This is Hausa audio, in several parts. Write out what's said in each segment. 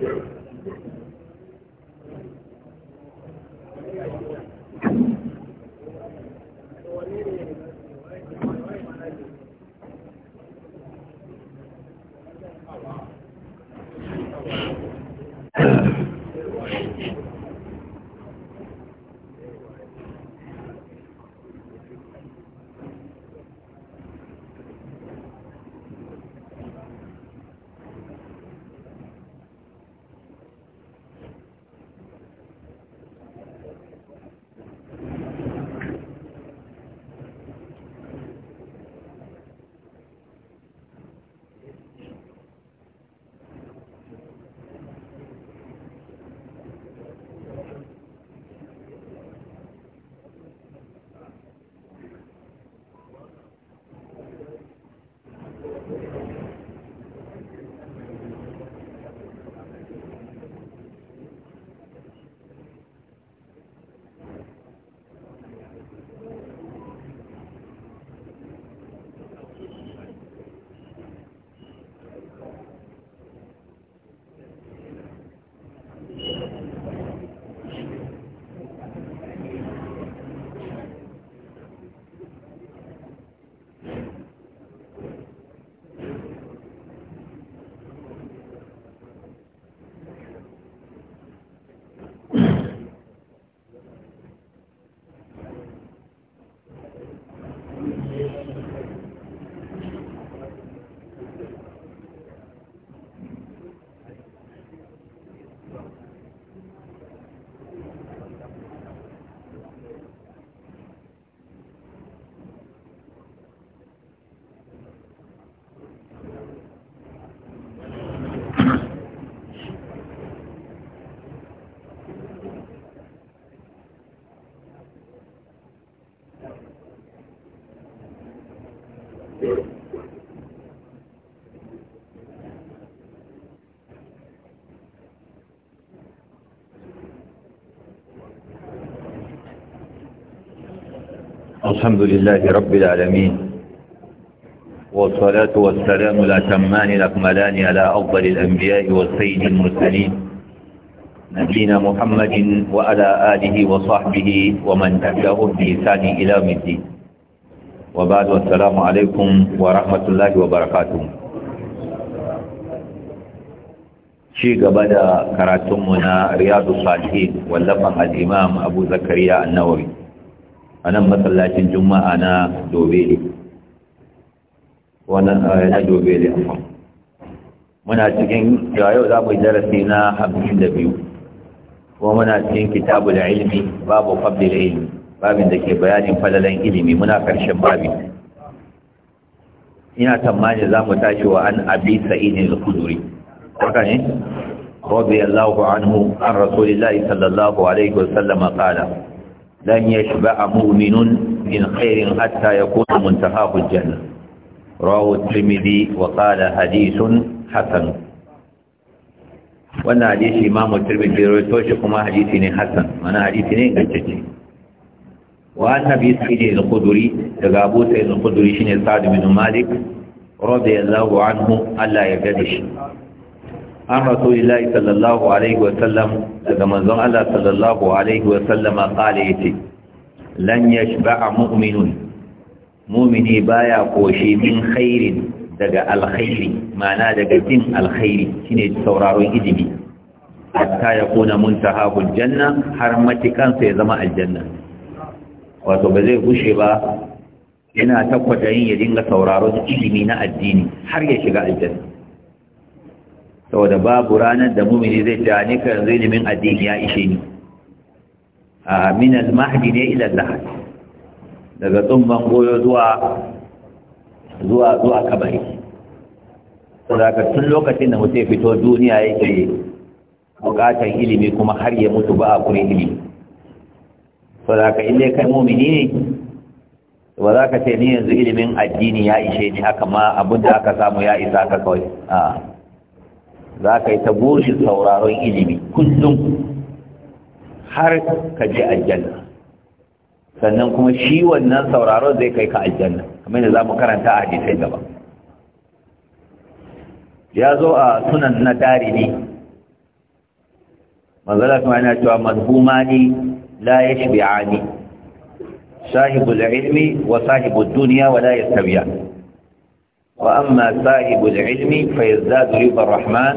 Thank you. الحمد لله رب العالمين والصلاة والسلام الأتمان الأكملان على أفضل الأنبياء والسيد المرسلين نبينا محمد وعلى آله وصحبه ومن تبعهم بإحسان إلى الدين وبعد والسلام عليكم ورحمة الله وبركاته ci gaba da karatunmu na riyadu salihin wallafan al'imam abu zakariya annawawi a nan masallacin juma'a na dobele wannan eh, na dobele amma muna cikin yau za mu yi darasi na hamsin da biyu kuma muna cikin kitabu da ilimi babu fabdil ilimi babin da ke bayanin falalan ilimi muna karshen babin ina tamani za mu tashi wa an abi sa'idin al-khuduri haka ne allahu anhu an rasulillahi sallallahu alaihi wasallam qala لن يشبع مؤمن من خير حتى يكون منتهاه الجنة رواه الترمذي وقال حديث حسن wannan hadisi imamu tirmidhi rawaito shi kuma hadisi ne hasan mana hadisi ne gantacce wa annabi sa'id al-khudri daga abu sa'id al-khudri shine sa'd bin anhu Allah ya gade shi an rasulillahi sallallahu alaihi wa sallam daga manzon Allah sallallahu alaihi wa sallama qala yace lan yashba'a mu'minun mu'mini baya koshi min khairin daga alkhairi ma'ana daga jin alkhairi shine sauraron ilimi hatta ya kuna muntahabul janna har matikansa ya zama aljanna wato ba zai gushe ba yana tabbata yin ya dinga sauraron ilimi na addini har ya shiga aljanna saboda babu ranar da mumini zai ta ni kan zai limin addini ya ishe ni a min al-mahdi ne ila lahad daga tsumban goyo zuwa zuwa zuwa kabari saboda tun lokacin da mutum fito duniya yake bukatar ilimi kuma har ya mutu ba a kuri ilimi saboda inda kai mumini ne ba za ka ce ni yanzu ilimin addini ya ishe ni haka ma abin da aka samu ya isa ka kawai za ka yi ta burin sauraron ilimi kullum har ka je aljanna sannan kuma shi wannan sauraron zai kai ka aljanna kamar da za mu karanta a hadisai gaba ya zo a sunan na darimi manzala kuma yana cewa mazhumani la yashbi'ani da ilmi wa sahibu duniya, wa la yastawiyan وأما صاحب العلم فيزداد رضا الرحمن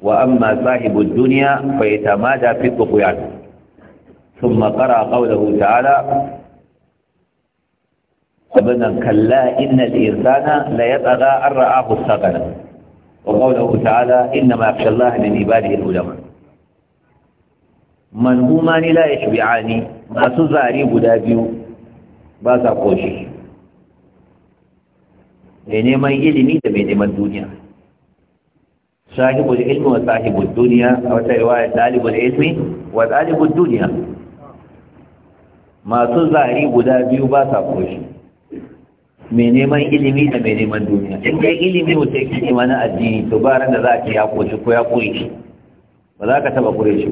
وأما صاحب الدنيا فيتمادى في الطغيان ثم قرأ قوله تعالى ابدا كلا إن الإنسان ليطغى أن رآه استغنى وقوله تعالى إنما يخشى الله من عباده العلماء من هما لا يشبعان ما تزاري بلا بيو بازا قوشي mai neman ilimi da mai neman duniya sahibul ilmi wa sahibul duniya a wata riwaya talibul ilmi wa talibul duniya masu zari guda biyu ba sa koshi mai neman ilimi da mai neman duniya in dai ilimi wuce yake nema mana addini to ba ran da za ki ya koshi ko ya kure shi ba za ka taba kure shi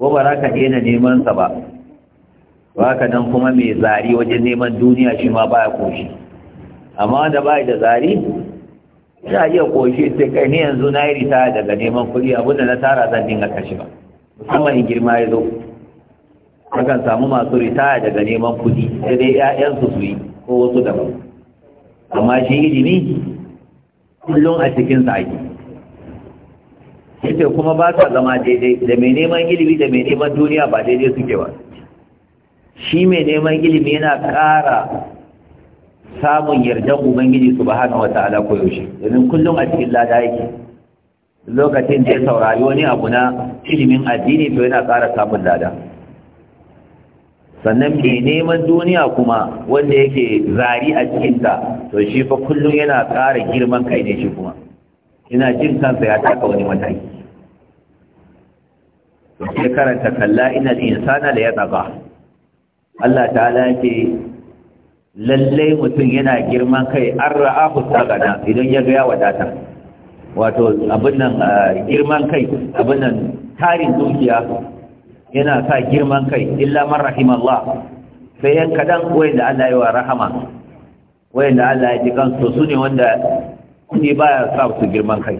ko ba za ka daina neman sa ba ba ka nan kuma mai zari wajen neman duniya shi ma ba ya koshi amma da ba da tsari za iya koshe sai kai ne yanzu na yi ritaya daga neman kuɗi abinda na tara zan dinga kashe ba musamman in girma ya zo akan samu masu ritaya daga neman kuɗi sai dai 'ya'yansu su yi ko wasu daban amma shi ilimi kullum a cikin zaki Ita kuma ba sa zama daidai da mai neman ilimi da mai neman duniya ba daidai suke ba shi mai neman ilimi yana ƙara samun yardar ubangiji su ba hana wata ala yaushe domin kullum a cikin lada yake lokacin da ya saurari wani abu na ilimin addini to yana ƙara samun lada sannan mai neman duniya kuma wanda yake zari a cikinta to shi fa kullum yana ƙara girman kai ne shi kuma ina jin kansa ya taka wani mataki sai karanta kalla ina insana da ya tsaba Allah ta'ala ce lallai mutum yana girman kai an ra'ahu tagana idan ya ga ya wadata wato abin nan girman kai abin nan tarin dukiya yana sa girman kai illa man rahimallah sai yan kadan wayanda Allah ya rahama wayanda Allah ya ji kansu su ne wanda kudi baya sa su girman kai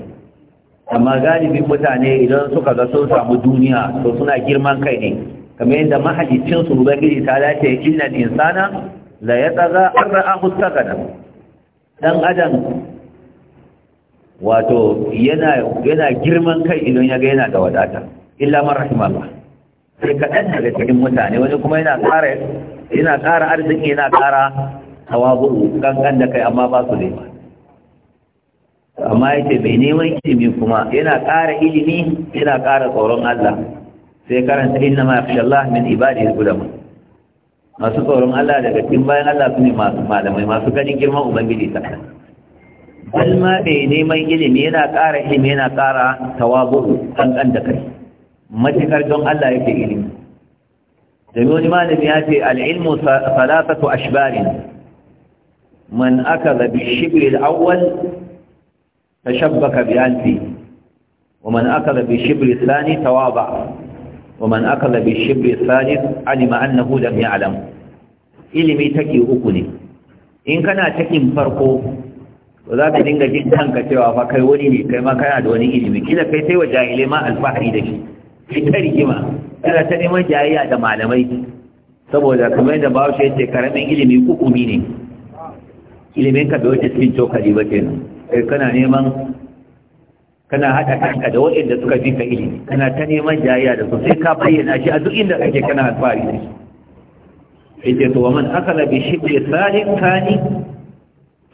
amma galibi mutane idan suka ga sun samu duniya to suna girman kai ne kamar yadda mahajjin su ubangiji ta dace innal insana la ya tsaga an ra'ahu sagada dan adam wato yana yana girman kai idan ya ga yana da wadata illa man rahimallah sai kadan da cikin mutane wani kuma yana ƙara yana ƙara arziki yana ƙara tawabu kankan da kai amma ba su nema amma yake mai neman ilimi kuma yana ƙara ilimi yana ƙara tsoron Allah sai karanta inna ma yakhsha Allah min ibadihi ulama masu tsoron Allah daga cikin bayan Allah su ne masu malamai masu ganin girman ubangiji ta balma mai neman ilimi yana ƙara ilimi yana ƙara tawabu kankan da kai matukar don Allah yake ilimi domin wani malami ya ce al'ilmu salatatu ashbarin man aka zabi shibri al'awwal tashabbaka bi anfi wa man aka zabi shibri thani tawaba ومن أقل بالشبر الثالث علم أنه لم يعلم ilimi take uku ne in kana takin farko za ka dinga jin kanka cewa fa kai wani ne kai ma kana da wani ilimi kila kai sai wa jahilai ma alfahari da shi ki ta rigima kana ta neman jayayya da malamai saboda kamar da bahaushe yace karamin ilimi kukumi ne ilimin ka bai wuce cikin cokali ba kenan kai kana neman kana haɗa kanka da waɗanda suka fi ka ilimi kana ta neman jayayya da su sai ka bayyana shi a duk inda kake kana alfahari da shi yake to man akala bi shibri salin kani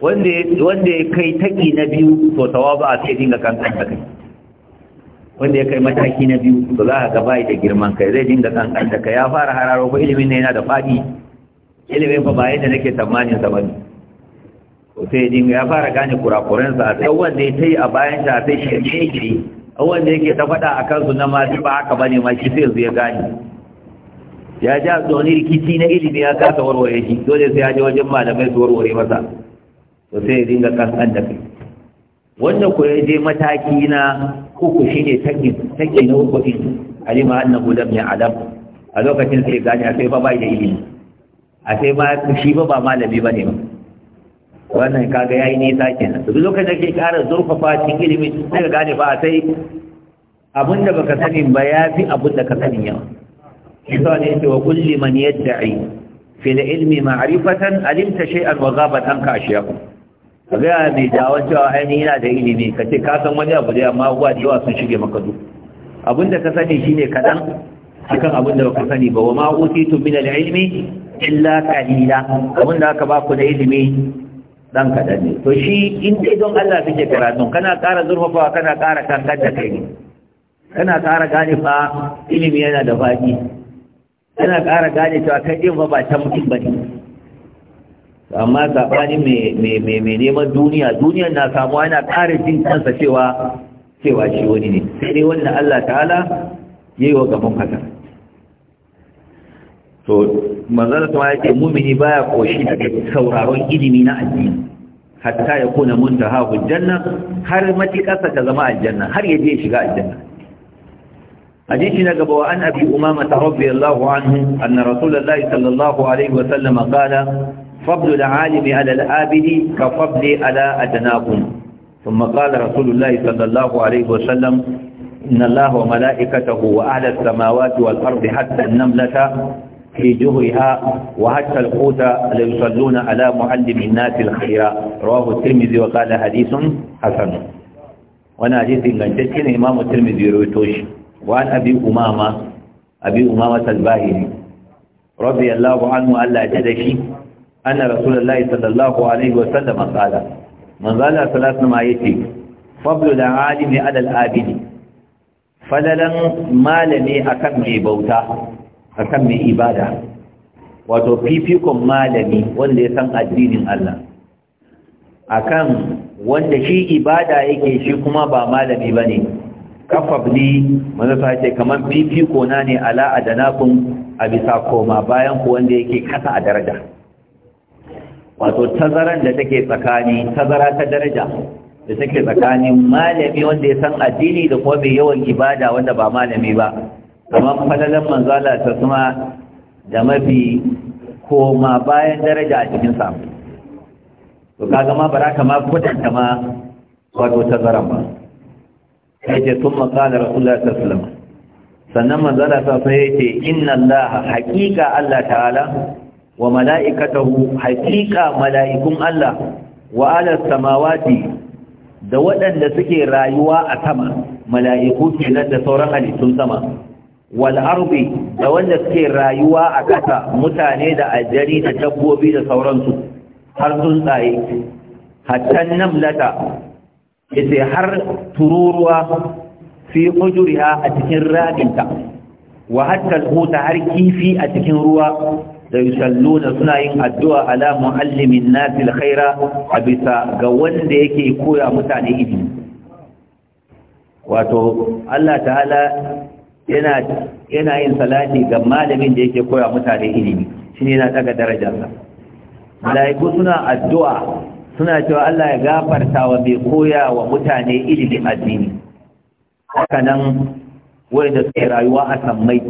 wanda wanda ya kai taki na biyu to tawaba a sai dinga kankan da kai wanda ya kai mataki na biyu to za ka ga bai da girman kai zai dinga kankan da ya fara hararo ko ilimin ne yana da faɗi. ilimin fa ba yadda nake tsammanin sa sai dinga ya fara gane kurakurensa a sai wanda ya tai a bayan shi a sai shi ne yake wanda yake ta faɗa a kansu na masu ba haka bane ma shi sai yanzu ya gane ya ja tsoni rikici na ilimi ya kasa warware shi dole sai ya ji wajen malamai su warware masa to sai ya dinga kasan da kai wanda ku ya je mataki na uku shine ne takin na uku din alima annahu lam ya'lam a lokacin sai gane a sai fa bai da ilimi a sai ma shi ba ba malami bane ba wannan kaga yayi nisa kenan duk lokacin da ke ƙara zurfafa cikin ilimi sai ka gane ba sai abin da baka sani ba ya fi abin da ka sani yawa isa ne ce wa kulli man yadda'i fi ilmi ma'rifatan alimta shay'an wa ghabat anka ashiyakum kaga mai dawon cewa ainihin yana da ilimi ka ce ka san wani abu da amma abubuwa da yawa sun shige maka duk abin ka sani shine kadan akan abin da baka sani ba wa ma'utitu min al-ilmi illa qalila abin da aka ba ku da ilimi dan kaɗan ne to shi in dai don Allah kake karatun kana ƙara zurfafa kana ƙara kankan da kai ne kana ƙara gane fa ilimi yana da faɗi kana ƙara gane cewa kai din fa ba ta mutum ba ne amma saɓani mai neman duniya duniya na samuwa yana ƙara jin kansa cewa cewa shi wani ne sai dai wannan Allah ta'ala yayi wa gaban kasa to manzana sama ya ce mumini baya koshi da sauraron ilimi na addini hatta ya kuna muntaha hujjanna har matiƙasa ta zama aljanna har ya je shiga aljanna hadisi na gaba wa an abi umama ta rabbi Allahu anhu anna rasulullahi sallallahu alaihi wa sallam qala fadlu al-alim ala al-abidi ka fadli ala adnakum thumma qala rasulullahi sallallahu alaihi wa sallam inna Allaha wa mala'ikatahu wa ahla samawati wal ardi hatta namlata في جهرها وحتى القوت ليصلون على معلم الناس الخير رواه الترمذي وقال حديث حسن وانا حديث غنتشين امام الترمذي رويتوش وعن ابي امامه ابي امامه الباهلي رضي الله عنه الا جدشي ان رسول الله صلى الله عليه وسلم قال من قال ثلاث ما يتي فضل العالم على العابد فللن مالني اكم بوتا akan mai ibada wato fifikon malami wanda ya san addinin Allah akan wanda shi ibada yake shi kuma ba malami bane kafabli manufa ce kaman fifiko na ne ala adanakum a bisa koma bayan ku wanda yake kasa a daraja wato tazaran da take tsakani tazara ta daraja da take tsakanin malami wanda ya san addini da kuma mai yawan ibada wanda ba malami ba kamar falalan manzala ta kuma da mafi koma bayan daraja a cikin samu to kaga ma baraka ma kudanta ma wato tazaran ba sai ce sun makala rasulullah ta sulama sannan manzala ta sai ce inna allaha haƙiƙa allah ta'ala wa mala'ikatahu haƙiƙa mala'ikun allah wa ala samawati da waɗanda suke rayuwa a sama mala'iku kenan da sauran halittun sama wal'arbi da wanda suke rayuwa a ƙasa mutane da ajari da dabbobi da sauransu har tsuntsaye hattan namlata yace har tururuwa fi ujuriha a cikin rabinta wa hatta har kifi a cikin ruwa da yusalluna suna yin addu'a ala muhallimin nasi alkhaira a bisa ga wanda yake koya mutane ilimi wato Allah ta'ala yana yin salati ga malamin da yake koya mutane ilimi shine yana daga darajarsa malaiku suna addu'a suna cewa Allah ya gafarta wa mai koya wa mutane ilimin addini haka nan wanda suke rayuwa a sammai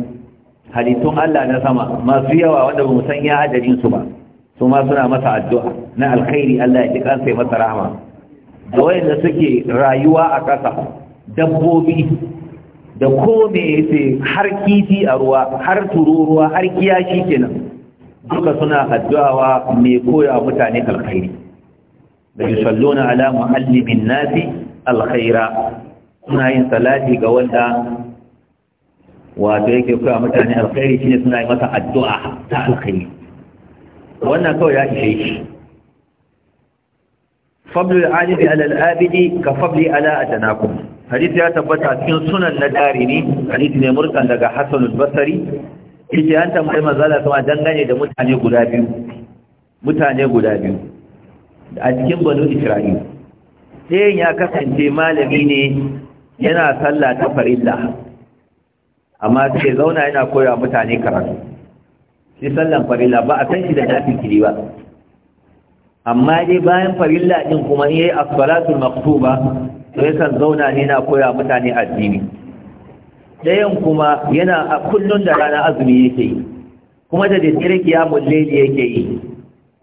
halittun Allah na sama masu yawa wanda ba san ya adadin su ba su ma suna masa addu'a na alkhairi Allah ya ji kansa masa rahama da wayanda suke rayuwa a ƙasa dabbobi da kome yace har kifi a ruwa har tururuwa har kiyashi kenan duka suna addu'awa mai koya mutane alkhairi da yusalluna ala muallimin nasi alkhaira suna yin salati ga wanda wato yake koya mutane alkhairi shine suna yi masa addu'a ta alkhairi wannan kawai ya ishe shi fadlul alifi alibi al-abidi ka fadli ala atanakum hadisi ya tabbata cikin sunan na darimi hadisi ne murkan daga hasan al-basri yace an tambayi manzala sama dangane da mutane guda biyu mutane guda biyu a cikin banu isra'ila ɗayan ya kasance malami ne yana sallah ta farilla amma sai zauna yana koya mutane karatu Sai sallan farilla ba a san shi da nafi kiri ba amma dai bayan farilla din kuma in yi as-salatul maktuba to yakan zauna ne na koya mutane addini dayan kuma yana a kullun da rana azumi yake yi kuma da daddare kiyamul layli yake yi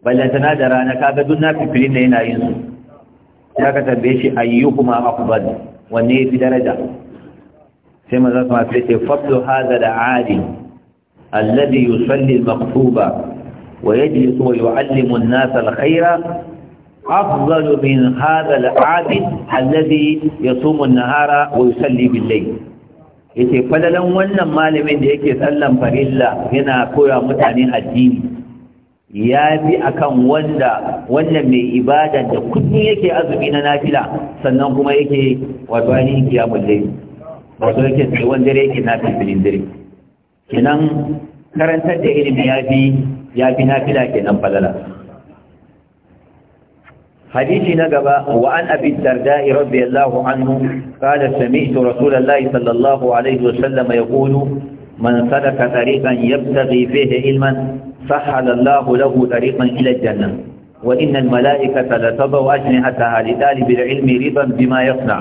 ballantana da rana kaga duk na fifirin da yana yin su ya ka tambaye shi kuma akbar wanne fi daraja sai maza su sai ce hadha da adi alladhi yusalli al-maktuba ويجلس ويعلم الناس الخير أفضل من هذا العابد الذي يصوم النهار ويصلي بالليل yace falalan wannan malamin da yake sallan farilla yana koya mutane addini ya fi akan wanda wannan mai ibada da kullum yake azumi na nafila sannan kuma yake wato ainihin kiyamul layl wato yake tsawon dare yake filin dare kenan karantar da ilimi ya fi ya fi nafila kenan falala حديث نقبة وعن أبي الدرداء رضي الله عنه قال سمعت رسول الله صلى الله عليه وسلم يقول من سلك طريقا يبتغي فيه علما سحل الله له طريقا إلى الجنة وإن الملائكة لتضع أجنحتها لطالب العلم رضا بما يصنع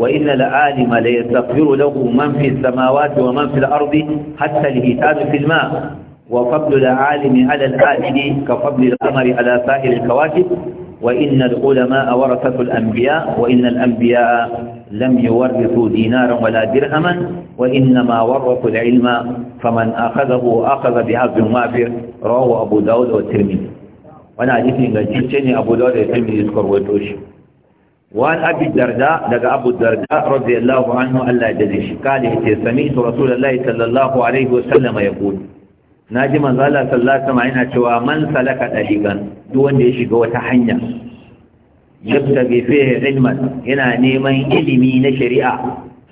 وإن العالم ليستغفر له من في السماوات ومن في الأرض حتى الهتان في الماء وفضل العالم على العالم كفضل القمر على سائر الكواكب وإن العلماء ورثة الأنبياء وإن الأنبياء لم يورثوا دينارا ولا درهما وإنما ورثوا العلم فمن أخذه أخذ بهذا وافر رواه أبو داود والترمذي وانا حديث جيتني أبو داود والترمذي يذكر ويتوش وعن أبي الدرداء لقى أبو الدرداء رضي الله عنه ألا يجزيه قال سمعت رسول الله صلى الله عليه وسلم يقول na ji manzala sallallahu alaihi yana cewa man salaka daliban duk wanda ya shiga wata hanya yabta bi fihi ilman yana neman ilimi na shari'a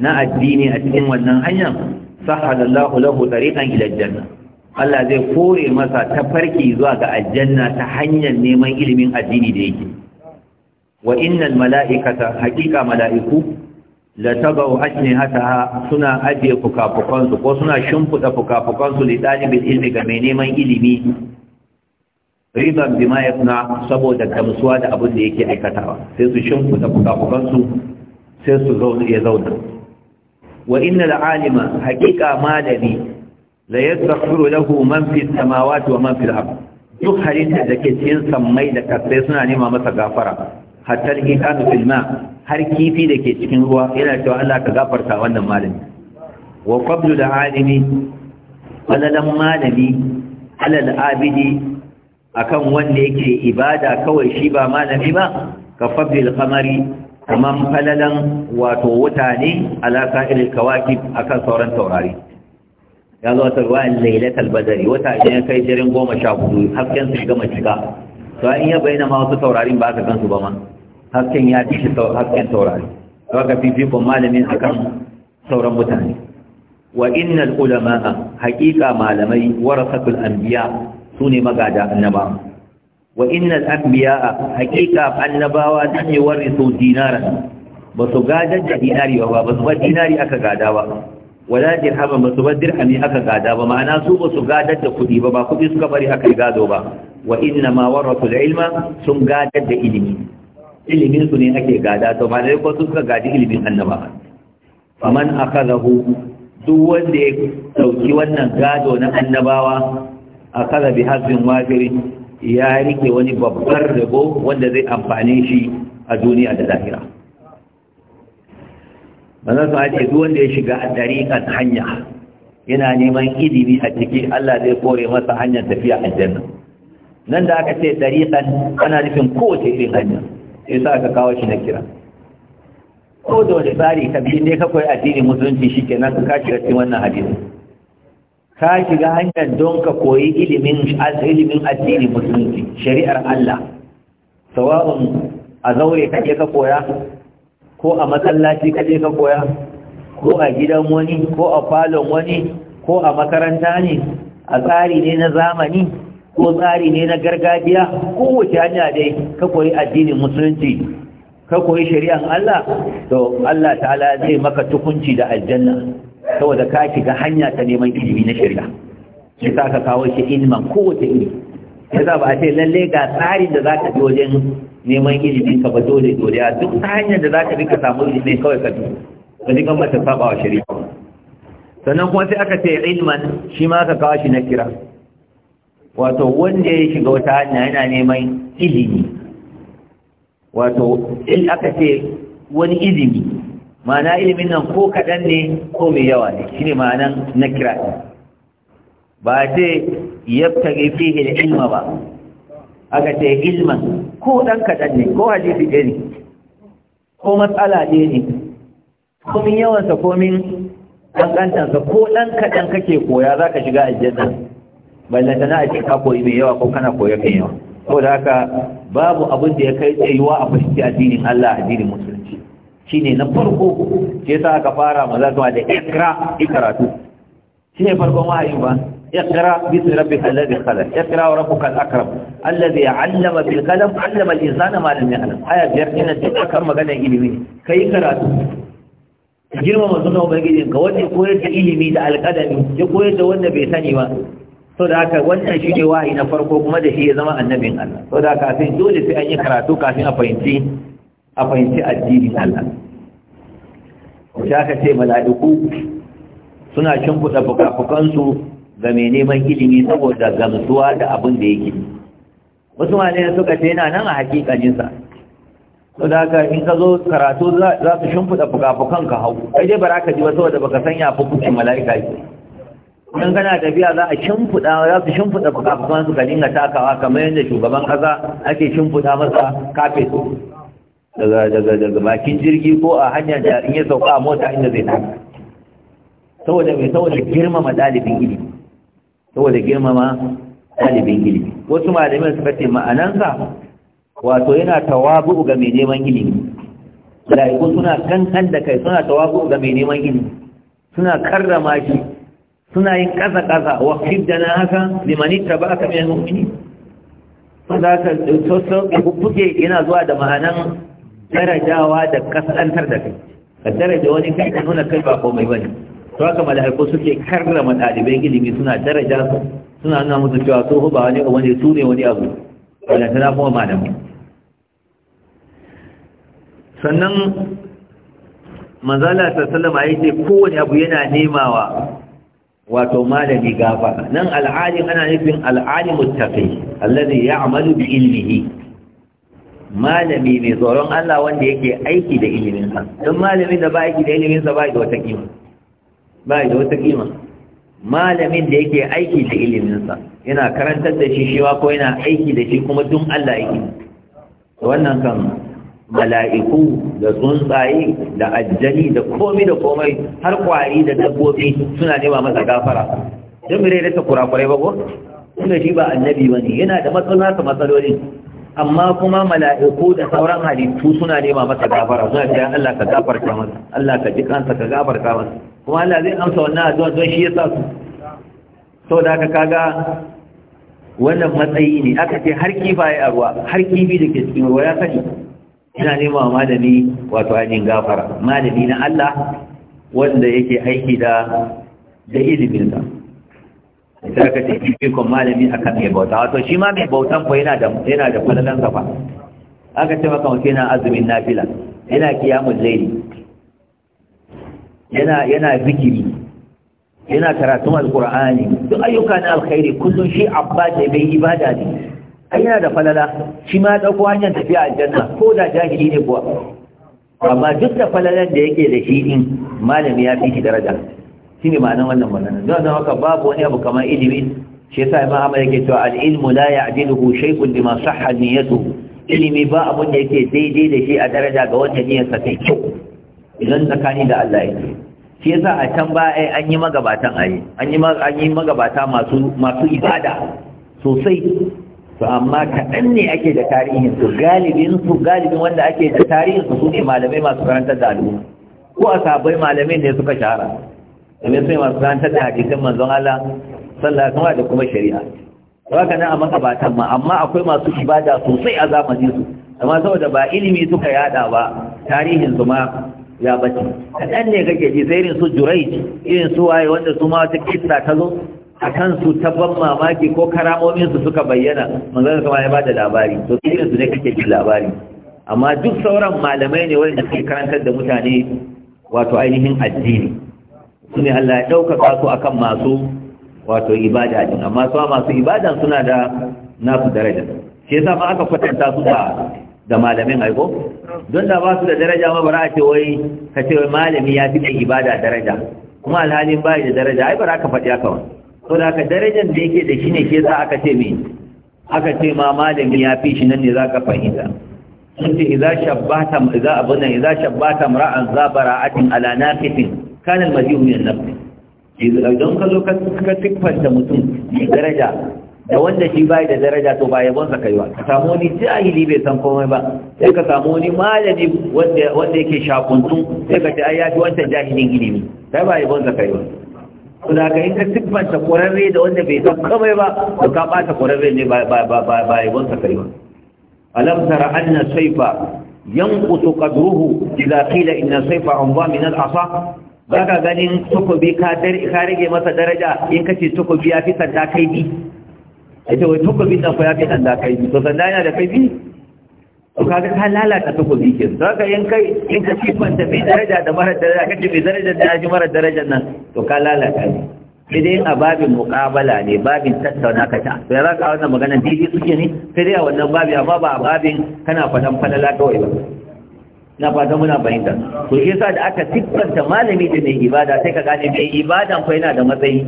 na addini a cikin wannan hanyar sahalallahu lahu tariqan ila janna Allah zai kore masa tafarki zuwa ga aljanna ta hanyar neman ilimin addini da yake wa innal mala'ikata haqiqa mala'iku la tabau hata suna ajiye fukafukansu ko suna shimfida fukafukansu li ɗalibin ilmi ga mai neman ilimi riban bima yafna saboda gamsuwa da abin da yake aikatawa sai su shimfida fukafukansu sai su zauna ya zauna wa innal alima haqiqa malami la yastaghfiru lahu man fi samawati wa man fil ard duk halitta da ke cikin sammai da kasai suna nema masa gafara hatta al-hitanu fil ma har kifi da ke cikin ruwa yana cewa Allah ka gafarta wannan malami wa qablu al-alimi falalan malami alal abidi akan wanda yake ibada kawai shi ba malami ba ka fabbi al kaman falalan wato wuta ne Alaka sa'il kawakib akan sauran taurari ya zo ta ruwa lailatul badri wata ne kai jirin hudu hasken su gama shiga to in ya bayyana ma wasu taurarin ba ka gansu ba ma hasken ya fi hasken taurari to aka fifikon malamin a kan sauran mutane wa innal ulama'a haƙiƙa malamai warasatul anbiya su ne magada annaba wa innal a haƙiƙa annabawa ta dan yawarisu dinaran ba su gadar da dinari ba ba su ba dinari aka gada ba wala dirhama ba su ba dirhami aka gada ba ma'ana su ba su gadar da kuɗi ba ba kuɗi suka bari aka yi gado ba wa inna ma warasul ilma sun gadar da ilimi ilimin su ne ake gada to ma dai ko ka gadi ilimin annaba faman akhadahu duk wanda ya dauki wannan gado na annabawa akala bi hazbin wafirin ya rike wani babbar rabo wanda zai amfane shi a duniya da lahira manzon sa ce duk wanda ya shiga a dariƙan hanya yana neman ilimi a ciki Allah zai kore masa hanyar tafiya aljanna nan da aka ce dariƙan ana nufin kowace irin hanya sai sa aka kawo shi na kira ko da wani tsari ka bi ne ka koyi addinin musulunci shi ke nan ka shiga cikin wannan hadisi ka shiga hanyar don ka koyi ilimin ilimin addinin musulunci shari'ar Allah sawa'un a zaure kake ka koya ko a masallaci kaje ka koya ko a gidan wani ko a falon wani ko a makaranta ne a tsari ne na zamani ko tsari ne na gargajiya wace hanya dai ka koyi addinin musulunci ka koyi shari'an Allah to Allah ta'ala zai maka tukunci da aljanna saboda ka shiga hanya ta neman ilimi na shari'a shi ka kawo shi ilman kowace iri yasa ba a ce lalle ga tsarin da za ka bi wajen neman ilimin ka ba dole dole a duk ta hanyar da za ka rika samu ilimi kawai ka bi ba rika mata saba wa shari'a sannan kuma sai aka ce ilman shi ma ka kawo shi na kira wato wanda ya shiga wata hanya yana neman ilimi wato il aka ce wani ilimi ma'ana ilimin nan ko kaɗan ne ko mai yawa ne shi ne ma'anan na kira ba ce yabta fihi ilma ba aka ce ilman ko ɗan kaɗan ne ko hadisi ɗaya ne ko matsala ɗaya ne komin yawansa komin ƙanƙantansa ko ɗan kaɗan kake koya za shiga aljanna ballanta na a cikin ka koyi mai yawa ko kana koya kan yawa da haka babu abin da ya kai tsayuwa a fahimci addinin Allah addinin musulunci shine na farko Ke sa aka fara maza zuwa da ikra ikratu shine farkon wahayi ba اقرأ باسم ربك الذي خلق اقرأ وربك الأكرم الذي علم بالقلم علم الإنسان ما لم يعلم آية جرتنا تذكر مغانا إلمي كي كراتو girma masu na ubangijin ka wanda ya koyar da ilimi da alƙadami ya koyar da wanda bai sani ba so haka wannan shi ne wahayi na farko kuma da shi ya zama annabi Allah so da haka sai dole sai an yi karatu kafin a fahimci addinin Allah ce suna shimfuta fuka-fukansu ga mai neman ilimi saboda gamsuwa da abin da yake wasu ne suka ce yana nan a hakikaninsa to da haka in ka zo karatu za su shimfiɗa fuka-fukan ka hau kai dai bara ka ji wasu wadda baka sanya fukukin mala'ika ke in kana tafiya za a shimfiɗa za su shimfiɗa fuka-fukan su ka dinga takawa kamar yadda shugaban ƙasa ake shimfiɗa masa kafet daga daga daga bakin jirgi ko a hanyar da in ya sauka a mota inda zai taka saboda mai saboda girmama ɗalibin ilimi saboda girmama ɗalibin ilimi wasu malamin suka ce ma'anansa wato yana tawabu ga mai neman ilimi laifin suna kankan da kai suna tawabu ga mai neman ilimi suna karrama shi suna yin ƙasa-ƙasa ƙasa wa na haka limani tabaka mummuni mu'minin za ka sauƙi kuke yana zuwa da ma'anan darajawa da ƙasantar da kai ka daraja wani kai ka nuna kai ba komai ne. to haka mala'iku suke karrama ɗalibai ilimi suna daraja su suna nuna musu cewa su ba wani abu ne su ne wani abu wanda tana kuma malamu sannan manzala ta sallama ya ce kowane abu yana nemawa wato malami gafa nan al'alim ana nufin al'alimu tafi allazi ya amalu bi ilmihi malami mai tsoron Allah wanda yake aiki da iliminsa don malamin da ba aiki da iliminsa ba da wata kima ba da wata kima malamin da yake aiki da iliminsa yana karantar da shi shewa ko yana aiki da shi kuma tun Allah yake wannan kan mala'iku da tsuntsaye da ajali da komai da komai har kwari da dabbobi suna nema masa gafara don mire da ta kurakurai ba ko tunda shi ba annabi bane yana da matsalolin matsalolin amma kuma mala'iku da sauran halittu suna nema masa gafara suna cewa Allah ka gafarta masa Allah ka ji kansa ka gafarta masa kuma Allah zai amsa wannan addu'a don shi yasa su da haka kaga wannan matsayi ne aka ce har kifaye a ruwa har kifi da ke cikin ruwa ya sani ina nema wa malami wato ainihin gafara malami na Allah wanda yake aiki da da ilimin sa sai ka ce fifikon malami akan mai bauta wato shi ma mai bautan ko yana da falalan aka ce maka mutum yana azumin nafila yana kiyamul laili yana yana zikiri yana karatun alqur'ani duk ayyuka na alkhairi kullum shi abba da bai ibada ne ai yana da falala shi ma ɗauko hanyar tafiya aljanna ko da jahili ne kuwa amma duk da falalan da yake da shi din malami ya fi daraja ne ma'anar wannan magana don zama haka babu wani abu kamar ilimi shi yasa imam Ahmad yake cewa al-ilmu la ya'diluhu shay'un lima sahha niyyatuhu ilimi ba abun da yake daidai da shi a daraja ga wanda niyyarsa ta kyau idan tsakani da Allah yake shi yasa a can baya an yi magabatan ayi an yi an yi magabata masu masu ibada sosai to amma kaɗan ne ake da tarihin su galibin su galibin wanda ake da tarihin su ne malamai masu karantar da al'umma ko a sabai malamai ne suka shahara domin sai masu rantar da hadisin manzon Allah sallallahu alaihi da kuma shari'a haka nan a makabatan ma amma akwai masu ibada sosai a zamanin su amma saboda ba ilimi suka yada ba tarihin su ma ya bace kaɗan ne kake ji sai irin su jurai irin su waye wanda su ma wata kissa ta zo a kansu ta ban mamaki ko karamominsu suka bayyana manzon kuma ya bada labari to su ne kake ji labari amma duk sauran malamai ne wanda suke karantar da mutane wato ainihin addini su Allah ya ɗaukaka su akan masu wato ibada din amma su masu ibada suna da nasu daraja shi yasa ba aka kwatanta su da da malamin aiko don da ba su da daraja ma bara a ce wai ka ce wai malami ya fi mai ibada daraja kuma alhalin bai da daraja ai bara ka faɗi haka wani to da haka darajar da yake da shi ne shi yasa aka ce me aka ce ma malami ya fi shi nan ne za ka fahimta sun ce iza shabbata idza abuna iza shabbata mar'an zabara'atin ala naqitin kana al-maji'u min an-nafs idan ka zo ka tiffanta mutum da daraja da wanda shi bai da daraja to ba yabon sa kaiwa ka samu wani jahili bai san komai ba sai ka samu wani malami wanda wanda yake shakuntun sai ka ce ayyafi wancan jahilin ilimi sai ba yabon sa kaiwa to da yi ka tiffanta kurarre da wanda bai san komai ba to ka bata kurarre ne ba ba ba ba yabon sa kaiwa alam tara anna sayfa yanqutu qadruhu idza qila inna sayfa anba min al-asa ba ka ganin takobi ka rage masa daraja in kace tukubi takobi ya fi sanda kai bi a ce wai takobi ɗan ya fi sanda kai bi to sanda yana da kai bi to kaga ka lalata takobi ke to haka in kai in ka fanta mai daraja da mara daraja kace mai daraja da ji mara darajar nan to ka lalata ne sai dai a babin muƙabala ne babin tattauna ka ta to yanzu ka wannan magana daidai suke ne sai dai a wannan babin amma ba a babin kana faɗan falala kawai ba na fata muna fahimta to shi yasa da aka siffanta malami da mai ibada sai ka gane mai ibada fa yana da matsayi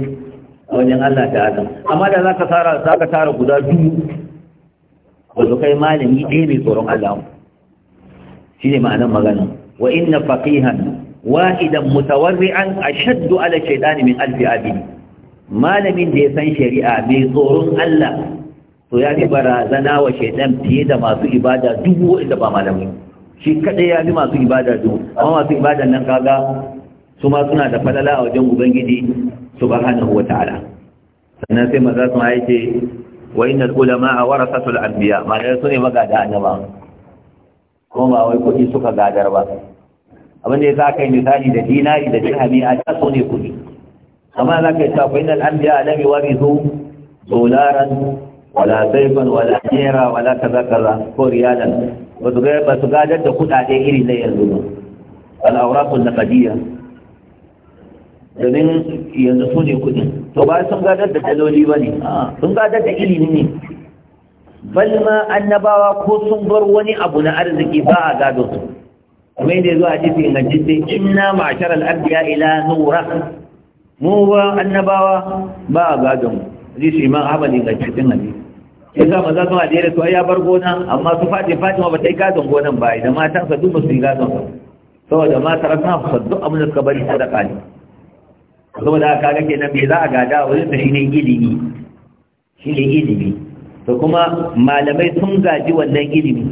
a wajen Allah azam amma da zaka tara zaka tara guda biyu ba su kai malami ɗaya mai tsoron Allah shi ne ma'anar magana wa inna faqihan wahidan mutawarri'an ashaddu ala shaytani min alfi abidi malamin da ya san shari'a mai tsoron Allah to ya fi barazana wa shaytan fiye da masu ibada dubu wanda ba malamai shi kaɗai ya fi masu ibada su amma masu ibada nan kaga su ma suna da falala a wajen ubangiji subhanahu ta'ala. sannan sai maza su ma'a ce wa wara ulama warasatul anbiya ma'ana su ne magada a nama kuma ba wai kuɗi suka gadar ba abin da ya sa kai misali da dinari da dirhami a ta so ne kuɗi amma za ka yi cewa innal anbiya lam su dolaran wala saifan, wala jera, wala kaza kaza ko riyalan ba su gadar da kuɗaɗe iri na yanzu ba al'aurakun na kadiya domin yanzu su ne kuɗin to ba sun gadar da daloli ba ne sun gadar da ilimi ne balma annabawa ko sun bar wani abu na arziki ba a gado su kuma yadda zuwa hadisi inganci sai inna ma'ashar al'abdiya ila nura mu ba annabawa ba a gado mu hadisi imam ahmad inganci sun hadisi ya sa maza zuwa da su ya bar gona amma su fati fatima ba ta yi gadon gonan ba da sa duk ba su yi gadon ba saboda matar na fa duk abin da suka bari sadaka ne saboda haka kake nan me za a gada wurin ta shine ilimi shine ilimi to kuma malamai sun gaji wannan ilimi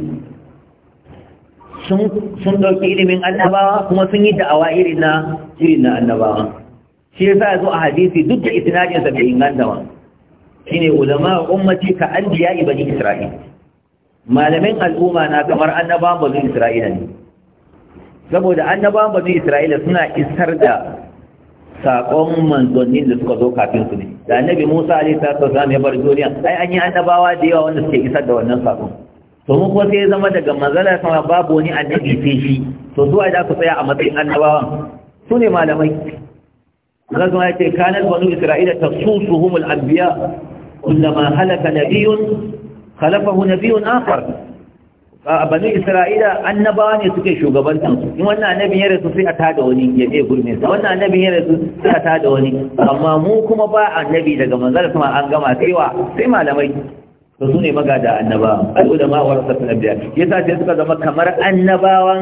sun ɗauki ilimin annabawa kuma sun yi da'awa irin na irin na annabawa shi yasa zo a hadisi duk da isnadin sa bai inganta ba shine ulama ummati ka anbiya ibani isra'il malamin al'umma na kamar annabawan bani isra'ila ne saboda annabawan bani isra'ila suna isar da sakon manzannin da suka zo kafin su ne da annabi Musa alaihi salatu wasallam ya bar duniya ai an yi annabawa da yawa wanda suke isar da wannan sakon to mun kuma sai ya zama daga manzala sama babu wani annabi sai shi to zuwa da ku tsaya a matsayin annabawan su ne malamai Allah ya ce kanal banu isra'ila tasusuhumul anbiya كلما هلك نبي خلفه نبي آخر a banu isra'ila annabawa ne suke shugabantansu in wannan annabin ya rasu sai a tada wani ya bai gurmin wannan annabin ya rasu sai a tada wani amma mu kuma ba annabi daga manzara kuma an gama saiwa sai malamai to su ne magada annaba al'ulama wa rasul anbiya yasa sai suka zama kamar annabawan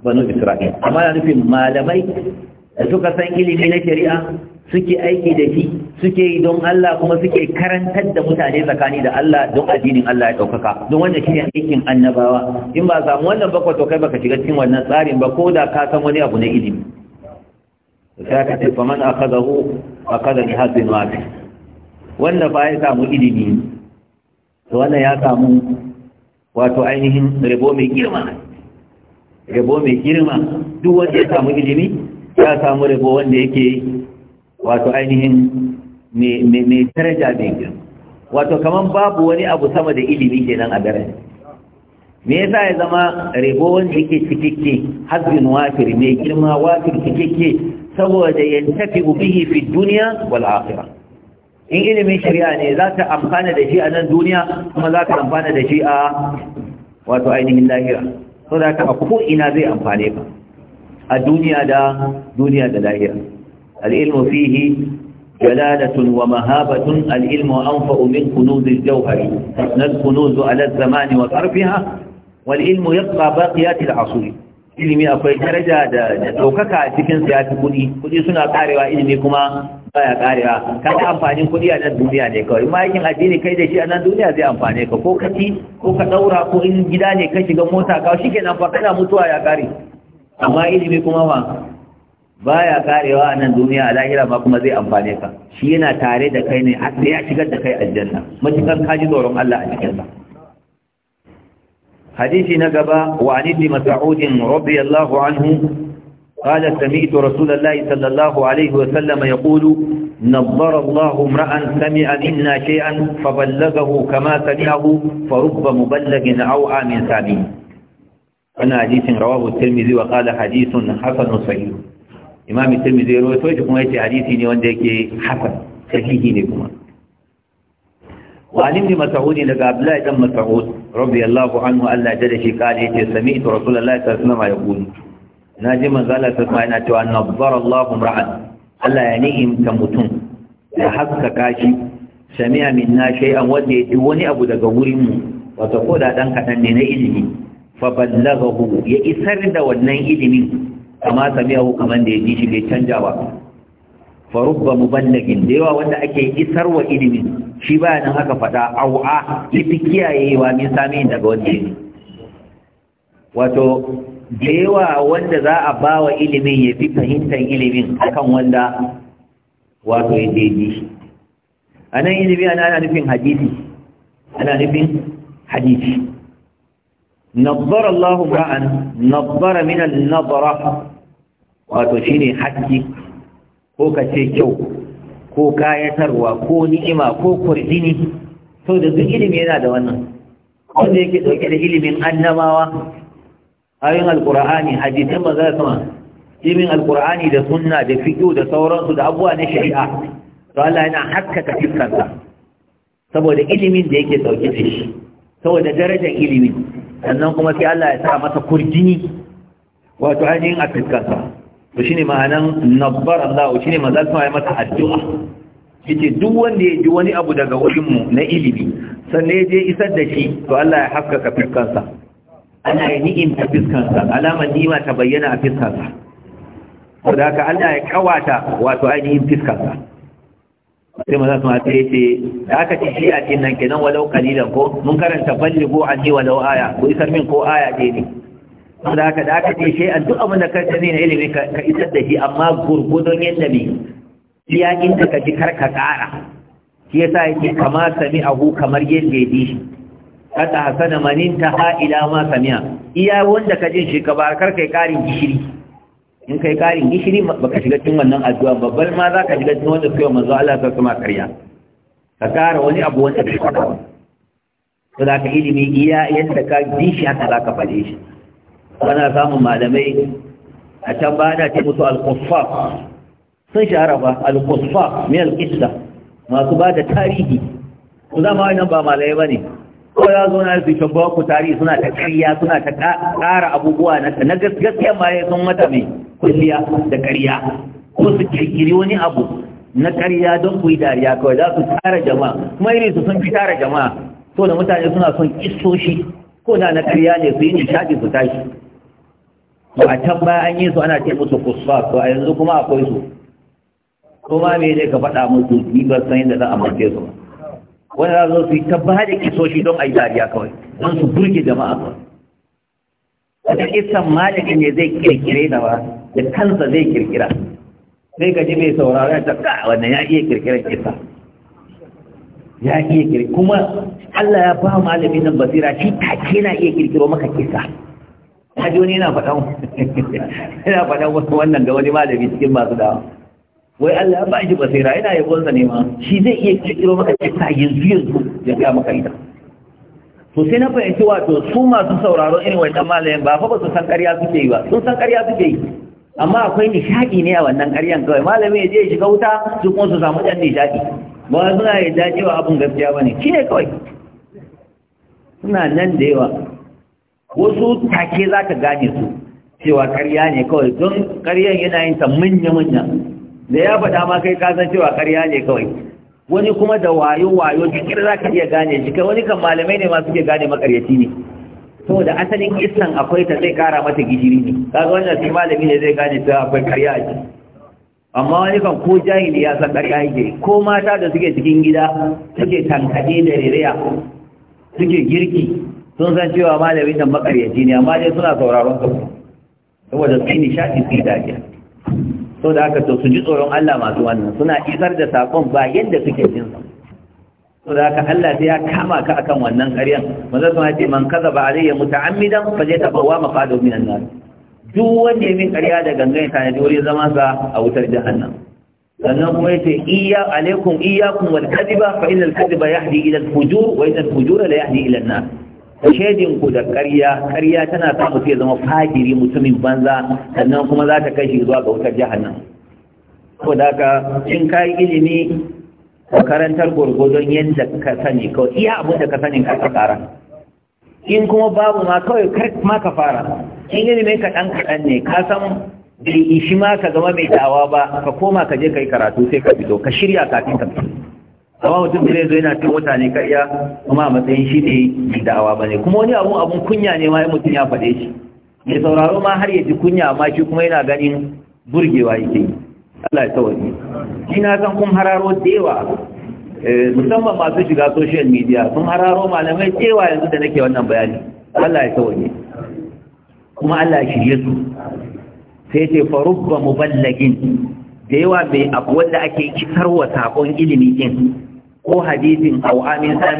banu isra'ila nufin malamai da suka san na shari'a suke aiki da shi suke yi don Allah kuma suke karantar da mutane tsakani da Allah don addinin Allah ya ɗaukaka don wannan shine aikin annabawa in ba samu wannan bakwai to kai baka shiga cikin wannan tsarin ba ko da ka san wani abu na ilimi sai ka ce fa man akhadahu akhadha bi hadin wasi wanda ba ya samu ilimi to wannan ya samu wato ainihin rabo mai girma rabo mai girma duk wanda ya samu ilimi ya samu rabo wanda yake wato ainihin mai daraja mai girma wato kamar babu wani abu sama da ilimi kenan a daren me yasa ya zama rebo wanda yake cikakke hazbin wafir mai girma wafir cikakke saboda yantafi bihi fi duniya wal akhirah in ilimin shari'a ne za ta amfana da shi a nan duniya kuma za ta amfana da shi a wato ainihin lahira so da ka a ko ina zai amfane ka a duniya da duniya da lahira العلم فيه جلالة ومهابة العلم أنفأ من كنوز الجوهر تفنى الكنوز على الزمان وطرفها والعلم يبقى باقيات العصور ilimi akwai daraja da ɗaukaka a cikin ya fi kuɗi kuɗi suna karewa ilimi kuma baya karewa ka ta amfanin kuɗi a nan duniya ne kawai ma yakin addini kai da shi a nan duniya zai amfane ka ko kaci ko ka ɗaura ko in gida ne ka shiga mota ka shi kenan fa kana mutuwa ya kare amma ilimi kuma ma baya karewa a nan duniya a lahira ma kuma zai amfane ka shi yana tare da kai ne har sai ya shigar da kai aljanna matukar ka ji tsoron Allah a cikin sa hadisi na gaba wa an ibn mas'ud radiyallahu anhu قال سمعت رسول الله صلى الله عليه وسلم يقول نظر الله امرأ سمع منا شيئا فبلغه كما سمعه فرب مبلغ أوعى من سامعه أنا حديث رواه الترمذي وقال حديث حسن صحيح imami sai zai kuma ya kuma hadisi ne wanda yake hasan sahihi ne kuma wa alim ni mas'ud ne daga abdullah ibn mas'ud radiyallahu anhu Allah jalla shi kale yace sami'tu rasulullahi sallallahu alaihi wasallam yaqulu na ji manzo Allah sallallahu alaihi wasallam yana cewa nabbar Allahu Allah ya ni'im ka mutum ya haska kashi sami'a minna shay'an wanda yaji wani abu daga wurin mu wato ko da dan kadan ne na ilimi fa ballaghahu ya isar da wannan ilimin kama sami'ahu kaman da ya ji shi bai canja ba farubba muballagin da yawa wanda ake isarwa ilimin shi baya nan haka fada au'a yafi kiyayewa min sami'in daga wanda ya wato da yawa wanda za a ba wa ilimin ya fi fahimtar ilimin akan wanda wato ya daidai shi a nan ilimi ana nufin hadisi ana nufin hadisi نظر الله امرأ نظر من النظرة wato shine haƙƙi ko ka ce kyau ko kayatarwa ko ni'ima ko kurjini sau da duk ilimi yana da wannan wanda yake dauke da ilimin annabawa ayoyin alƙur'ani hadisan a sama ilimin Alƙur'ani da sunna da fiƙo da sauransu da abubuwa na shari'a to Allah yana hakkaka fiskarsa saboda ilimin da yake dauke da shi saboda darajar ilimin sannan kuma sai Allah ya sa masa kurjini wato ainihin a fiskarsa to shine ma'anan nabbar Allah shine manzo Allah ya masa addu'a yace duk wanda ya ji wani abu daga wurin mu na ilimi sannan ya je isar da shi to Allah ya haskaka fiskansa ana yi ni'im ta fiskansa alamar nima ta bayyana a fiskansa to da haka Allah ya kawata wato ainihin fiskansa sai maza su masu ya ce da aka ci shi a cikin nan kenan walau kalilan ko mun karanta balli ko an ji walau aya ko isar min ko aya ce ne da aka da aka ce shi a duk abin da ka sani na ilimi ka isar da shi amma gurgudun yadda ne iya inda ka ji kar ka ƙara ya yasa yake kama sami abu kamar yadda ya ji shi kata hasana manin ta ha ila ma samiya iya wanda ka jin shi ka ba kar kai ƙarin gishiri in kai ƙarin gishiri baka shiga cikin wannan addu'a babbal ma za ka shiga cikin wanda suka yi manzo Allah ta kuma karya ka ƙara wani abu wanda bai faɗa ba. Saboda ka ilimi iya yadda ka ji shi haka za ka faɗe shi. ana samun malamai a can ba ana ce musu al-kuffar sun shahara ba al-kuffar min al-qissa masu ba da tarihi su zama nan ba malamai ne. ko ya zo na su can ba ku tarihi suna ta ƙarya suna ta ƙara abubuwa na na gaskiya ma sun mata mai kulliya da ƙarya ko su kirkiri wani abu na ƙarya don ku yi dariya kawai za su tara jama'a kuma irin su sun fi tara jama'a to da mutane suna son kistoshi ko da na ƙarya ne su yi nishaɗi su tashi to a can baya an yi su ana ce musu kusa to a yanzu kuma akwai su kuma me ne ka faɗa musu ni ba san yadda za a mace su ba wani za su yi tabba da kisoshi don a yi dariya kawai don su burge jama'a kawai wata kisan maliki ne zai kirkire da ba da kansa zai kirkira sai ka ji mai saurara ta ka wannan ya iya kirkiran kisa ya iya kirkira kuma Allah ya ba malami nan basira shi take na iya kirkiro maka kisa ji wani yana faɗan wannan ga wani malami cikin masu dawa wai Allah ba shi basira yana yi gonsa ne ma shi zai iya kirkiro maka ta yanzu yanzu ya ga maka ita to sai na fahimci wato su masu sauraro irin wai dan malamin ba fa ba su san ƙarya suke yi ba sun san ƙarya suke yi amma akwai nishaɗi ne a wannan ƙaryan kawai malami ya je ya shiga wuta su kuma su samu ɗan nishaɗi ba suna yi dajewa wa abin gaskiya ba ne shi ne kawai suna nan da yawa wasu take za ka gane su cewa karya ne kawai don karyan yana yin ta manya-manya da ya faɗa ma kai kasan cewa karya ne kawai wani kuma da wayo-wayo cikin za ka iya gane shi kai wani kan malamai ne masu ke gane makaryaci ne saboda asalin kisan akwai ta zai kara mata gishiri ne kaga wannan sai malami ne zai gane ta akwai karya a amma wani kan ko jahili ya san karya yake ko mata da suke cikin gida suke tankaɗe da rereya suke girki sun san cewa malamin nan makaryaci ne amma dai suna sauraron ka saboda sai yi nishaɗi su yi Sau da haka to su ji tsoron Allah masu wannan suna isar da sakon ba yadda suke jin sa Sau da haka Allah sai ya kama ka akan wannan ƙaryan manzo sun ce man kazaba alayya muta'ammidan fa zai taɓa tabawwa maqadu minan nar duk wanda ya min ƙarya da gangan ta ne dole zama sa a wutar jahannam sannan kuma yace iya alaikum iyyakum wal kadhiba fa innal kadhiba yahdi ila al fujur wa innal fujura la yahdi ila an-nar shaidin ku da ƙarya ƙarya tana sa mutum ya zama fajiri mutumin banza sannan kuma za ta kai shi zuwa ga wutar jahannan ko da ka in ka yi ilimi ka karantar gurgudun yadda ka sani kawai iya abin da ka sani ka tsara in kuma babu ma kawai kar ma ka fara in ilimin ka ɗan kaɗan ne ka san bai ishi ma ka zama mai dawa ba ka koma ka je ka yi karatu sai ka fito ka shirya kafin ka fito amma mutum zai zo yana cin mutane karya kuma a matsayin shi ne da'awa bane kuma wani abun abun kunya ne ma in mutum ya faɗe shi ya sauraro ma har ya ji kunya amma shi kuma yana ganin burgewa yake yi Allah ya tawani shi na san kun hararo da yawa eh, musamman masu shiga social media sun hararo malamai da yawa yanzu da nake wannan bayani Allah ya tawani kuma Allah ya shirye su sai ce farubba muballagin da yawa mai abu wanda ake kitarwa sakon ilimi din ko hadisin au amin da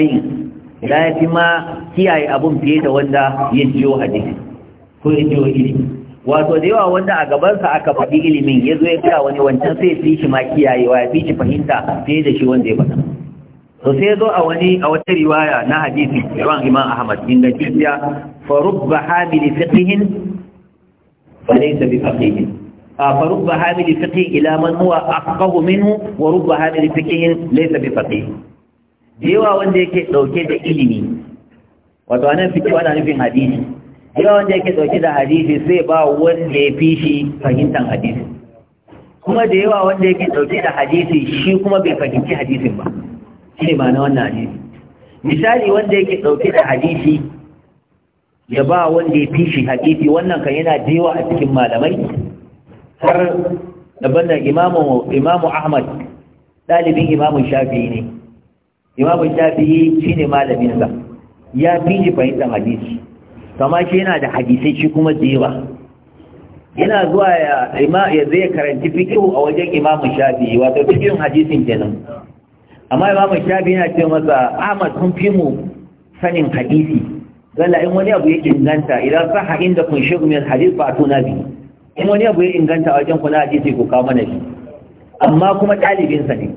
ya fi ma kiyaye abun fiye da wanda ya jiyo hadisi ko ya jiyo ilimi wato da yawa wanda a gabansa aka faɗi ilimin ya zo ya fiya wani wancan sai fi shi ma wa ya fi shi fahimta fiye da shi wanda ya faɗa to sai zo a wani a wata riwaya na hadisi yawan imam ahmad ingantacciya fa rubba hamili fiqihin fa laysa bi faqihin فرب حامل فقه إلى من هو أفقه منه ورب حامل فقه ليس بفقه ديوا وان دي كي دوكي دا إلمي وتوانا فقه وانا نفين حديثي ديوا وان دي كي دوكي دا حديثي سيبا وان دي فيشي فهمتان حديثي kuma da yawa wanda yake dauke da hadisi shi kuma bai fahimci hadisin ba shi ne ma'ana wannan hadisi misali wanda yake dauke da hadisi ya ba wanda ya fi shi hadisi wannan kan yana da yawa a cikin malamai har abinda imamu imamu ahmad dalibin imamu shafi'i ne imamu shafi'i ne malamin sa ya fi shi fahimtar hadisi kama shi yana da hadisai shi kuma jiwa yana zuwa ya ima ya zai karanci fikihu a wajen imamu shafi'i wato fikihun hadisin kenan amma imamu shafi'i yana ce masa ahmad kun fi mu sanin hadisi zalla in wani abu yake inganta idan saha inda kun shigu min hadis fa tuna in wani abu ya inganta wajen ku na hadisi ko kawo mana shi amma kuma ɗalibinsa ne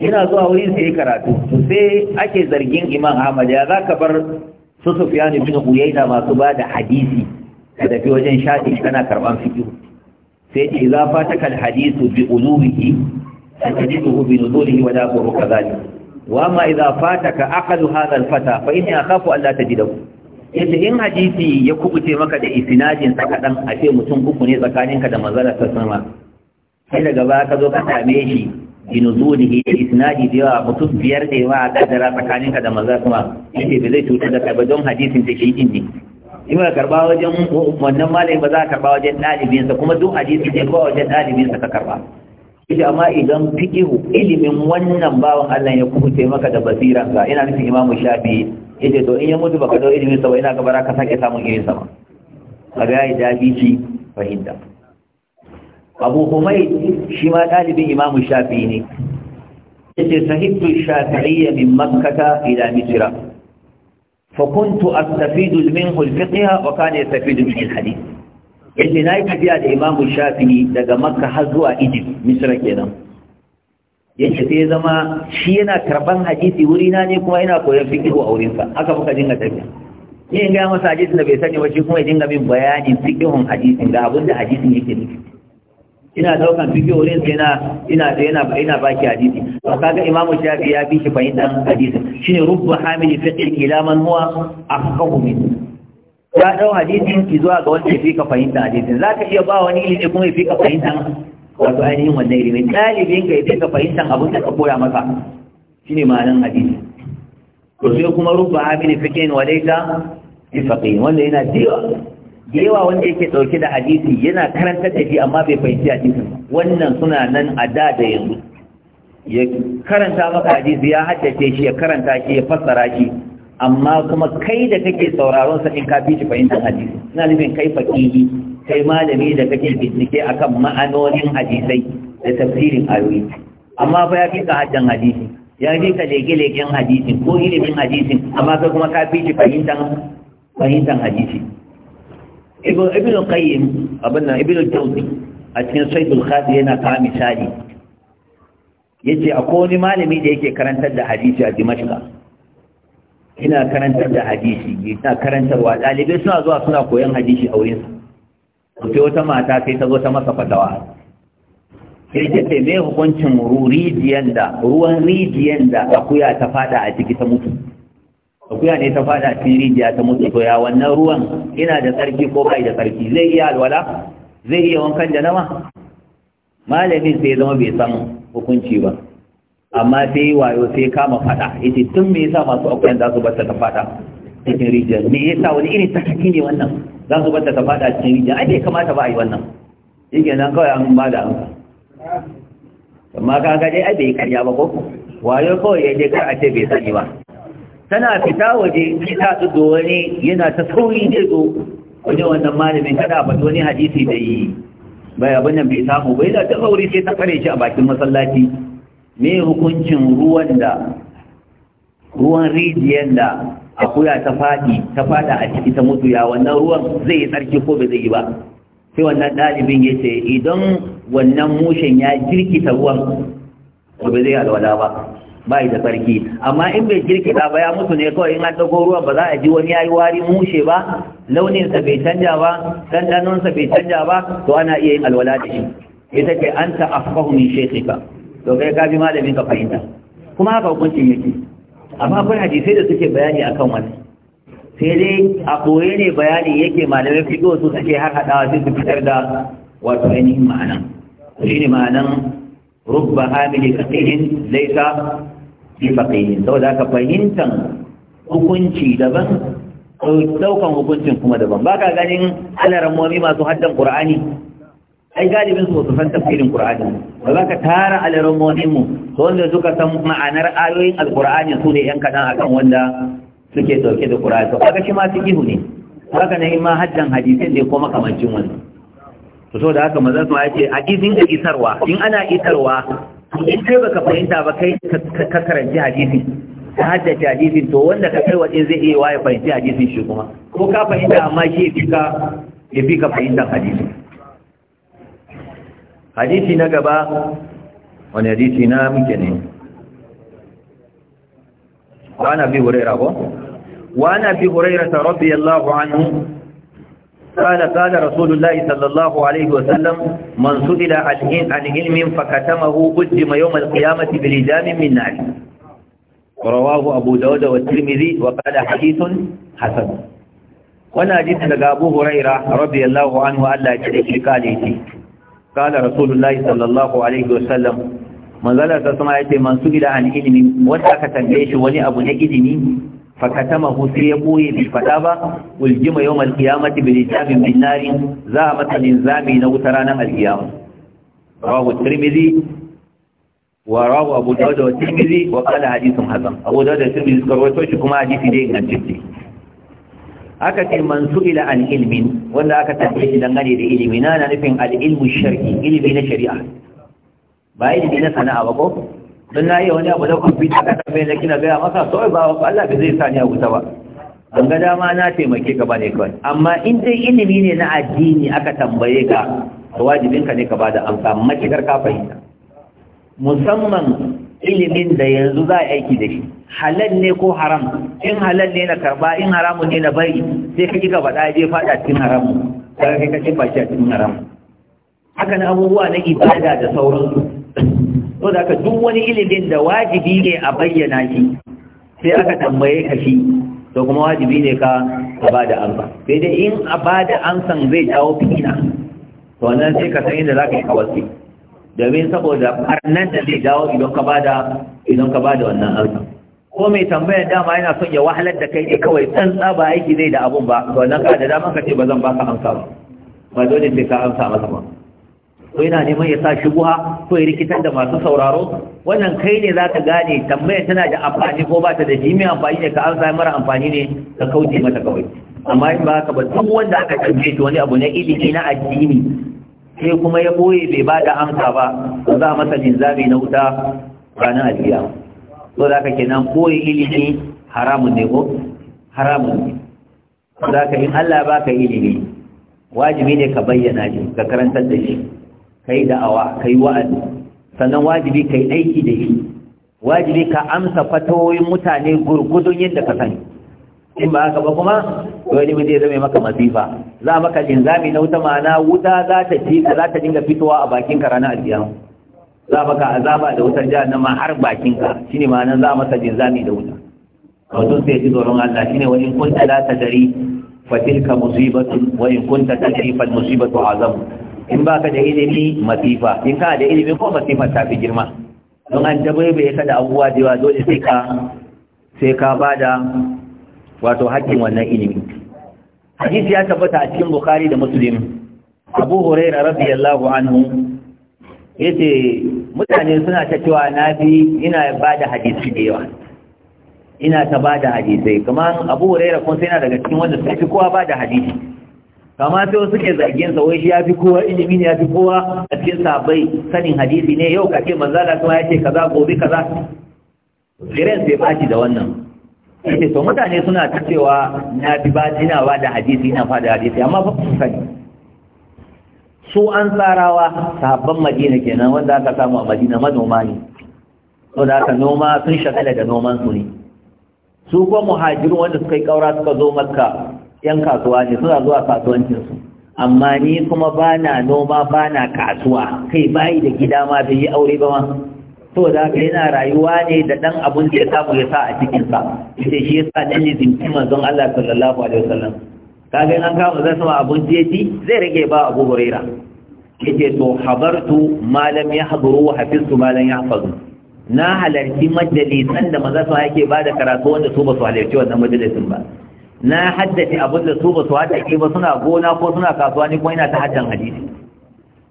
yana zuwa wurin sai karatu sai ake zargin imam ahmad ya zaka bar su sufyan ibn uyayna masu ba da hadisi ka tafi wajen shafi kana karban fiqh sai ce za fataka al hadisu bi ulumihi tajiduhu bi nudulihi wa la quru kadhalik wa ma idha fataka aqalu hadha al fata fa inni akhafu an la tajidahu yace in hadisi ya kubuce maka da isinajin sa kaɗan a ce mutum uku ne tsakaninka da mazalar ta sama sai daga ba ka zo ka same shi bi nuzulihi da isinaji da yawa mutum biyar da yawa a kaddara tsakaninka da manzara sama yace ba zai cutar da kai don hadisin ta shi din ne in ka karɓa wajen wannan malami ba za ka karɓa wajen ɗalibinsa kuma duk hadisi ne ba wajen ɗalibinsa ka karɓa. ita amma idan fiƙihu ilimin wannan bawan Allah ya kubuce maka da basiransa, ina nufin imamu shafi yace to in ya mutu baka dau ilimin sa ba ina gaba ka sake samun irin sa ba kaga yayi dabici fahimta Abu Humayd shi ma dalibin Imam Shafi'i ne yace sahibtu Shafi'iyya min Makkah ila Misra fa kuntu astafidu minhu al-fiqh wa kana yastafidu min al-hadith yace nayi tafiya da Imam Shafi'i daga Makka har zuwa Egypt Misra kenan yake sai zama shi yana karban hadisi wurina ne kuma yana koyon fikihu a wurinsa aka muka dinga tafiya ni in gaya masa hadisi da bai sani ba shi kuma ya dinga min bayanin fikihun hadisi da abin da hadisin yake nufi ina daukan fikihu wurin sai na ina da yana ina baki hadisi to kaga imamu shafi ya bi shi fahimtar hadisin shine rubba hamili fiqh ila man huwa afqahu min ya dau hadisi ki zuwa ga wanda ya fika fahimtar hadisin zaka iya ba wani ilimi kuma ya fika fahimta wato ainihin wannan ilimin ɗalibin ka idan ka fahimtar abin da ka koya masa ne ma'anin hadisi to sai kuma rubba abin fikin yi ifaqi wanda yana jewa jewa wanda yake dauke da hadisi yana karanta da shi amma bai fahimci hadisin wannan suna nan a da da yanzu ya karanta maka hadisi ya haddace shi ya karanta shi ya fassara shi amma kuma kai da kake sauraron sa in ka fi shi fahimtar hadisi ina nufin kai faqihi kai malami da kake bincike akan ma'anonin hadisai da tafsirin ayoyi amma fa ya fi ka haddan hadisi ya fi ka leke-leken hadisin ko ilimin hadisin amma kai kuma ka fi fahimtan fahimtan hadisi ibn qayyim abin nan ibn a cikin saidul khadi yana kawo misali yace akwai wani malami da yake karantar da hadisi a dimashka ina karantar da hadisi ina karantarwa ɗalibai suna zuwa suna koyon hadisi a wurinsa to wata mata sai ta zo ta masa fatawa sai ta ce me hukuncin ruwan rijiyar da akuya ta fada a ciki ta mutu akuya ne ta fada a cikin rijiya ta mutu to ya wannan ruwan ina da tsarki ko bai da tsarki zai iya alwala zai iya wankan da nama? malamin sai zama bai san hukunci ba amma sai wayo sai kama fada Ita tun me yasa masu akuyan za su bar ta fada cikin rijiyar me yasa wani irin takaki ne wannan za su bata ta fada cikin rijiya ai bai kamata ba a yi wannan yake nan kawai an ba da amsa amma ka ga dai ai bai karya ba ko wayo kawai ya je kar a ce bai sani ba tana fita waje ki ta tudo wani yana ta sauri zai zo waje wannan malamin kada ba wani hadisi da yi bai abin nan bai samu bai da ta sauri sai ta kare shi a bakin masallaci me hukuncin ruwan da ruwan rijiyar da akuya ta faɗi ta faɗa a ciki ta mutu ya wannan ruwan zai yi tsarki ko bai zai yi ba sai wannan ɗalibin ya ce idan wannan mushen ya jirkita ruwan ko bai zai alwala ba bai da tsarki amma in bai jirkita ba ya mutu ne kawai in an ɗauko ruwan ba za a ji wani ya yi wari mushe ba launinsa bai canja ba ɗanɗanonsa bai canja ba to ana iya yin alwala da shi ita ce an ta afkahu min shekika to kai ka bi malamin ka fahimta kuma haka hukuncin yake amma akwai hadisai da suke bayani a kan wani sai dai a koye ne bayani yake malamai fiƙo su suke har haɗawa sai su fitar da wato ainihin ma'ana shi ne ma'anan rubba hamili fasihin laisa fi faqihin saboda haka fahimtan hukunci daban ɗaukan hukuncin kuma daban ba ka ganin alaramomi masu haddan ƙur'ani ai galibin su su san tafsirin qur'ani ba za ka tara alarammonin mu to wanda suka san ma'anar ayoyin alqur'ani su ne yan kadan akan wanda suke dauke da qur'ani to kaga shi ma fiqhu ne haka ne ma haddan hadisin da kuma kamancin wannan to so da haka maza su ce hadisin da isarwa in ana isarwa in kai baka fahimta ba kai ka karanci hadisin ta haddace hadisin to wanda ka kai waje zai iya waye fahimci hadisin shi kuma ko ka fahimta amma shi ya fi ka fahimtar hadisin hadisi na gaba wani hadisi na muke ne wa na bi huraira ko wa na bi huraira ta rabbi Allahu anhu قال قال رسول الله صلى الله عليه وسلم من سئل عن علم فكتمه قدم يوم القيامة بلجام من نار رواه أبو داود والترمذي وقال حديث حسن وانا حديث لقى أبو هريرة رضي الله عنه ألا يتعيش قال kala rasulullahi sallallahu alaihi wasallam manzala ta sama yace man sugida an ilimi. wanda aka tambaye shi wani abu na ilimi fakatamahu sai ya boye bi fada ba uljima yawmal qiyamati bi lijabin bin nari za a mata linzami na wutar ranar alkiyama rawahu tirmidhi wa rawahu abu dawud wa tirmidhi wa qala hadithun hasan abu dawud da tirmidhi suka rawaito shi kuma hadisi dai ingantacce aka ce man su'ila an ilmin wanda aka tafi shi gane da ilimi na na nufin al-ilmu shar'i ilimi na shari'a ba ilimi na sana'a ba ko don na yi wani abu da kwamfuta ka tambaye na kina gaya maka so ba wa Allah ba zai sani a wuta ba Don ga dama na taimake ka ba kawai amma in dai ilimi ne na addini aka tambaye ka to wajibin ka ne ka bada amsa matakar ka fahimta musamman ilimin da yanzu za a aiki da shi halal ne ko haram in halal ne na karba in haramun ne na bari sai ka ji gaba ɗaya a cikin haramun daga kai ka ce fashi a cikin haramun haka na abubuwa na ibada da sauransu to da ka duk wani ilimin da wajibi ne a bayyana shi sai aka tambaye ka shi to kuma wajibi ne ka ba da amsa sai dai in a ba da amsan zai jawo fitina to wannan sai ka san inda za ka yi kawasi domin saboda nan da zai dawo idan ka bada idan ka bada wannan arzikin ko mai tambayar dama yana son ya wahalar da kai ne kawai tsantsa tsaba aiki zai da abun ba to wannan ka da dama ka ce ba zan baka amsa ba ba dole sai ka amsa masa ba ko yana neman ya sa shubuha ko ya rikitar da masu sauraro wannan kai ne za ka gane tambayar tana da amfani ko ba ta da jimi amfani ne ka amsa mara amfani ne ka kauce mata kawai amma in ba ka ba duk wanda aka tambaye shi wani abu na ilimi na addini sai kuma ya boye bai ba da amsa ba za a masa linzami na wuta ranar aliyar So za ka kenan boye ilimi haramun ne ko haramun ne za ka in Allah ba ka ilimi wajibi ne ka bayyana shi ka karantar da shi ka yi da'awa ka yi wa'azi sannan wajibi ka yi aiki da shi wajibi ka amsa fatoyin mutane gurgudun yadda ka sani in ba haka ba kuma to ilimin zai zama maka masifa za maka linzami na wuta ma'ana wuta za ta ci za ta dinga fitowa a bakin ka ranar alkiyama za maka azaba da wutar ma har bakin ka shine ma'ana za maka linzami da wuta wato sai ji tsoron Allah shine wani kunta la ta fa tilka musibatu, wa in kunta tadri fa musibatu azam in baka da ilimi masifa in ka da ilimi ko masifa ta fi girma don an jabe bai kada abubuwa jiwa dole sai ka sai ka bada wato haƙƙin wannan ilimi hadisi ya tabbata a cikin bukhari da muslim abu huraira radiyallahu anhu yace mutane suna ta cewa na fi ina ba da hadisi da yawa ina ta ba da hadisai kamar abu huraira kun sai na daga cikin wanda suka kowa ba da hadisi kama sai suke zargin sa wai shi ya fi kowa ilimi ne ya fi kowa a cikin sabai sanin hadisi ne yau kake manzala kuma ya ce kaza gobe kaza Firenze ya baci da wannan ake to mutane suna ta cewa na bi ba ina da hadisi ina fada hadisi amma ba su sani su an tsarawa sahabban madina kenan wanda aka samu a madina manoma ne to da aka noma sun shagala da noman su ne su kuma muhajiru wanda suka yi kaura suka zo makka yan kasuwa ne suna zuwa kasuwancin su amma ni kuma bana noma bana kasuwa kai bayi da gida ma bai yi aure ba ma so da ka yana rayuwa ne da dan abun da ya samu ya sa a cikin sa sai shi yasa dan lizinci manzon Allah sallallahu alaihi wasallam Ka ga an kama zai sama abun da yaci zai rage ba Abu Huraira ce to habartu ma lam yahduru wa hafiztu ma lam yahfazu na halarci majalisan da manzon sa yake da karatu wanda su ba su halarci wannan majalisin ba na haddace abin da su ba su haddace ba suna gona ko suna kasuwa ne ko ina ta haddan hadisi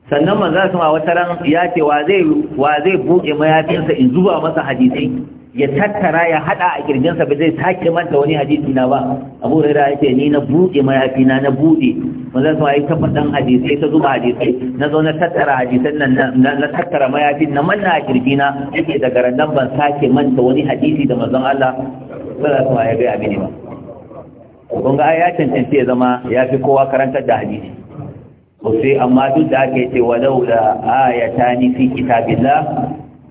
sannan manzo sama wata ran ya ce wa zai wa zai buke mayafinsa in zuba masa hadisai ya tattara ya hada a kirjinsa ba zai sake manta wani hadisi na ba abu rai ya ce ni na buke mayafina na buɗe manzan sama yi taɓa ɗan hadisai ta zuba hadisai na zo na tattara hadisan nan na tattara mayafin na manna a kirjina yake daga randan ban sake manta wani hadisi da manzon Allah ba za su sallam ya a mini ba kun ga ya cancanci ya zama ya fi kowa karantar da hadisi ko amma duk da yi ce walau da ayatani fi kitabillah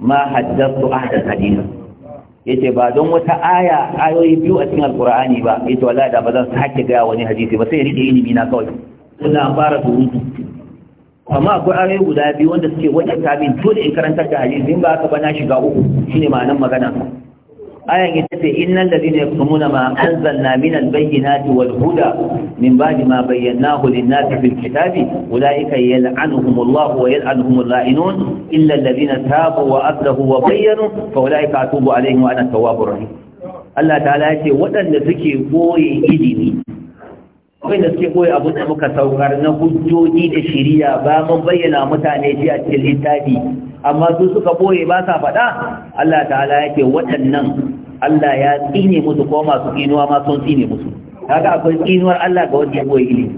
ma haddathu ahdan Ya yace ba don wata aya ayoyi biyu a cikin alqur'ani ba yace wallahi da ba zan sake ga wani hadisi ba sai rike ilimi na kawai kuna fara surutu amma akwai ayoyi guda biyu wanda suke wajen tabin dole in karanta da hadisi in ba haka ba na shiga uku shine ma'anar magana ayan ita ce innal ladina yaktumuna ma anzalna minal bayyinati wal huda min ba'di ma bayyanahu lin-nasi fil kitabi ulaika yal'anuhumullahu wa yal'anuhumul la'inun illa alladhina tabu wa aslahu wa bayyanu fa ulaika atubu alaihim wa ana tawwabur rahim Allah ta'ala yace waɗanda suke koyi ilimi waɗanda suke koyi abin da muka saukar na hujjoji da shiriya ba mun bayyana mutane ji a cikin littafi amma su suka boye ba sa faɗa Allah ta'ala yake waɗannan Allah ya tsine musu ko masu tsinuwa ma sun tsine musu kaga akwai tsinuwar Allah ga wanda ya boye ilimi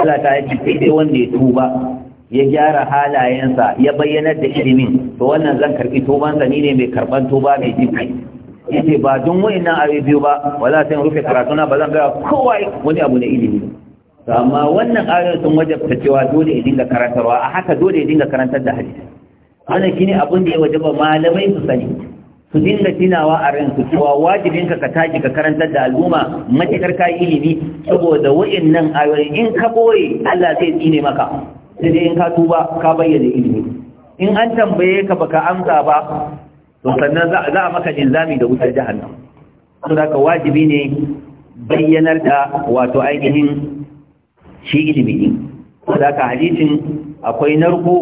Allah ta yake sai dai wanda ya tuba ya gyara halayensa ya bayyanar da ilimin to wannan zan karbi tubansa ni ne mai karban tuba mai jin yace ba dun wayannan abu biyu ba wala sai rufe karatuna ba zan ga kowa wani abu ne ilimi to amma wannan ayoyin sun wajabta cewa dole ya dinga karantarwa a haka dole ya dinga karantar da hadisi ana shine abin da ya wajaba malamai su sani su dinga tunawa a ransu cewa wajibin ka ka tashi ka karantar da al'umma matakar ka ilimi saboda wa'annan ayoyi in ka boye Allah zai tsine maka sai dai in ka tuba ka bayyana ilimi in an tambaye ka baka amsa ba to sannan za a maka linzami da wutar jahannam to da ka wajibi ne bayyanar da wato ainihin shi ilimi ne to da ka hadisin akwai narko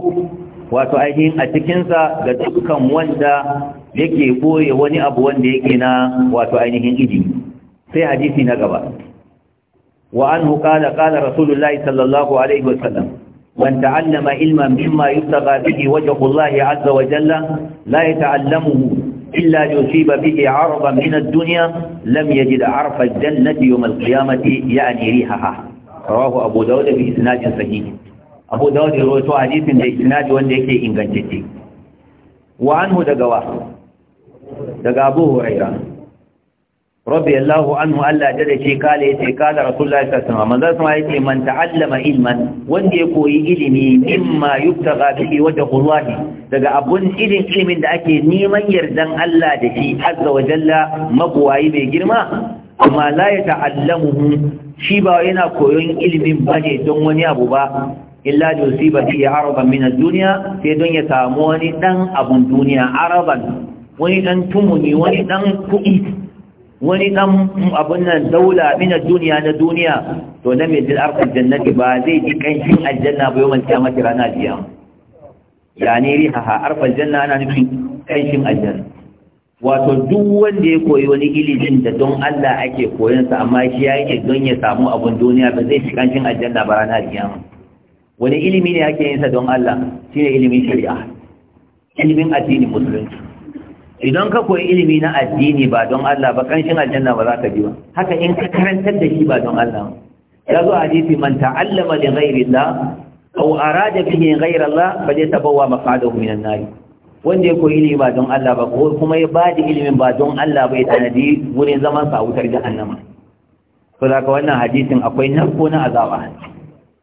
wato ainihin a cikinsa ga dukkan wanda yake boye wani abu wanda yake na wato ainihin iji sai hadisi na gaba wa anhu kala qala rasulullahi sallallahu alaihi wasallam man ta'allama ilman mimma yustagha bihi wajhu Allah azza wa jalla la yata'allamuhu illa yusiba bihi 'aradan min ad-dunya lam yajid 'arfa al-jannati yawm al-qiyamati ya'ni rihaha rawahu abu dawud bi isnadin sahih abu dawud ya rawaito hadisin da isnadi wanda yake ingantacce wa anhu daga wa daga abu huraira radiyallahu anhu Allah da shi kala yace kala rasulullahi sallallahu alaihi wasallam manzo sama yace man ta'allama ilman wanda ya koyi ilimi mimma yubtaga bihi wajhullahi daga abun ilimin ilimin da ake neman yardan Allah da shi azza wa jalla magwayi mai girma amma la ya ta'allamu shi ba yana koyon ilimin bane don wani abu ba illa da yusiba fiye araban minas duniya sai don ya samu wani dan abun duniya araban wani dan tumuni wani dan kuɗi wani dan abun nan daula minas duniya na duniya to na mai dil arqal jannati ba zai ji kanshin aljanna ba yawan kiyamati rana biya yani rihaha arqal janna ana nufin kanshin aljanna wato duk wanda ya koyi wani ilimin da don Allah ake koyon amma shi ya yi don ya samu abun duniya ba zai shi kanshin aljanna ba rana biya wani ilimi ne ake yin sa don Allah Shi ne ilimin shari'a ilimin addini musulunci idan ka koyi ilimi na addini ba don Allah ba kanshin aljanna ba za ka ji ba haka in ka karantar da shi ba don Allah ya zo hadisi man ta'allama li ghairi Allah aw arada bihi ghayra Allah fa yatabawwa maq'adahu minan nar wanda ya koyi ilimi ba don Allah ba ko kuma ya bada da ilimin ba don Allah bai ya tanadi wurin zaman sa a wutar jahannama to ka wannan hadisin akwai narko na azaba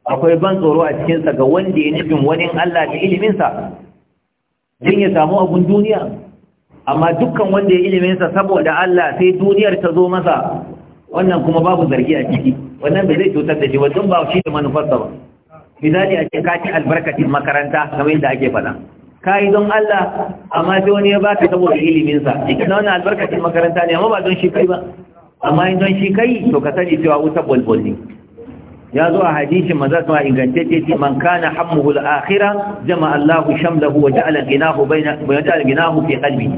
akwai ban tsoro a cikinsa ga wanda ya nufin wani Allah da iliminsa don ya samu abun duniya amma dukkan wanda ya iliminsa saboda Allah sai duniyar ta zo masa wannan kuma babu zargi a ciki wannan bai zai cutar da shi ba don ba shi da manufarsa ba misali a ce ka ci albarkacin makaranta kamar yadda ake faɗa ka yi don Allah amma sai wani ya baka saboda iliminsa cikin wannan albarkacin makaranta ne amma ba don shi kai ba amma in don shi kai to ka sani cewa wuta bolbol ne ya zo a hadisin maza kuma ingantacce ce man kana hammuhu al-akhirah jama'a Allahu shamlahu wa ja'ala ginahu bayna wa fi qalbihi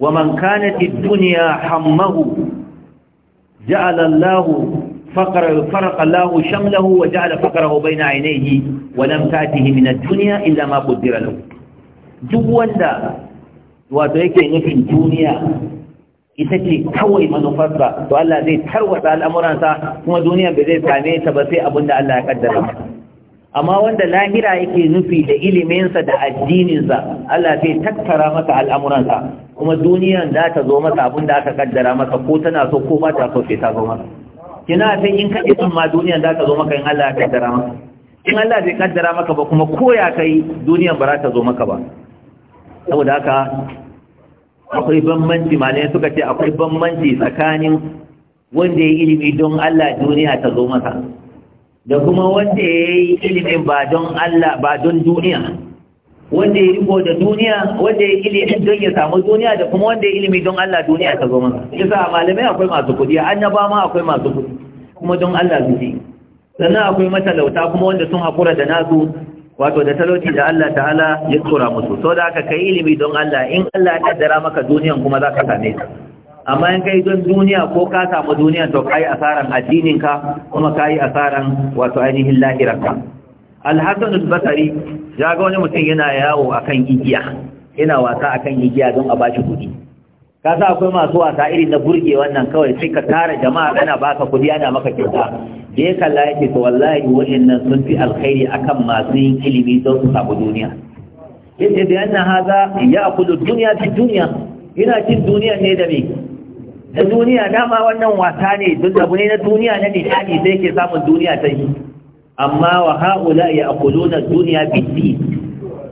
wa man kanat ad-dunya hammahu ja'ala Allahu shamlahu فرق الله شمله وجعل فقره بين عينيه ولم تأته من الدنيا إلا ما قدر له duk wanda wato yake nufin duniya ita ce kawai manufarsa to Allah zai tarwata al'amuransa kuma duniya ba zai same ta ba sai abinda da Allah ya kaddara amma wanda lahira yake nufi da iliminsa da addininsa Allah zai tattara masa al'amuransa kuma duniya za ta zo masa abin da aka kaddara masa ko tana so ko ba ta so sai ta zo masa kina sai in ka din ma duniya za ta zo maka in Allah ya kaddara maka in Allah bai kaddara maka ba kuma koya kai duniya ba za ta zo maka ba saboda haka akwai bambanci malai suka ce akwai bambanci tsakanin wanda ya yi ilimi don Allah duniya ta zo masa da kuma wanda ya yi ilimi ba don Allah ba don duniya wanda ya riko da duniya wanda ya ilimi don ya samu duniya da kuma wanda ya yi ilimi don Allah duniya ta zo masa kisa malamai akwai masu kudi annaba ma akwai masu kudi kuma don Allah zuci sannan akwai matalauta kuma wanda sun haƙura da nasu wato da talauci da Allah ta'ala ya tsora musu so da aka kai ilimi don Allah in Allah ya kaddara maka duniyan kuma za ka same ta amma in kai don duniya ko ka samu duniya to yi asaran addininka kuma yi asaran wato ainihin lahirarka al Basari ya ga wani mutum yana yawo akan igiya yana wasa akan igiya don a bashi kuɗi ka sa akwai masu wasa iri na burge wannan kawai sai ka tara jama'a kana baka kudi ana maka kyauta da ya kalla yake to wallahi wa'annan sun fi alkhairi akan masu yin ilimi don su samu duniya yace da yana haza ya kudu duniya fi duniya Ina cin duniya ne da me da duniya dama wannan wasa ne don abu ne na duniya na nishadi sai ke samun duniya ta yi amma wa haula ya akuluna duniya bi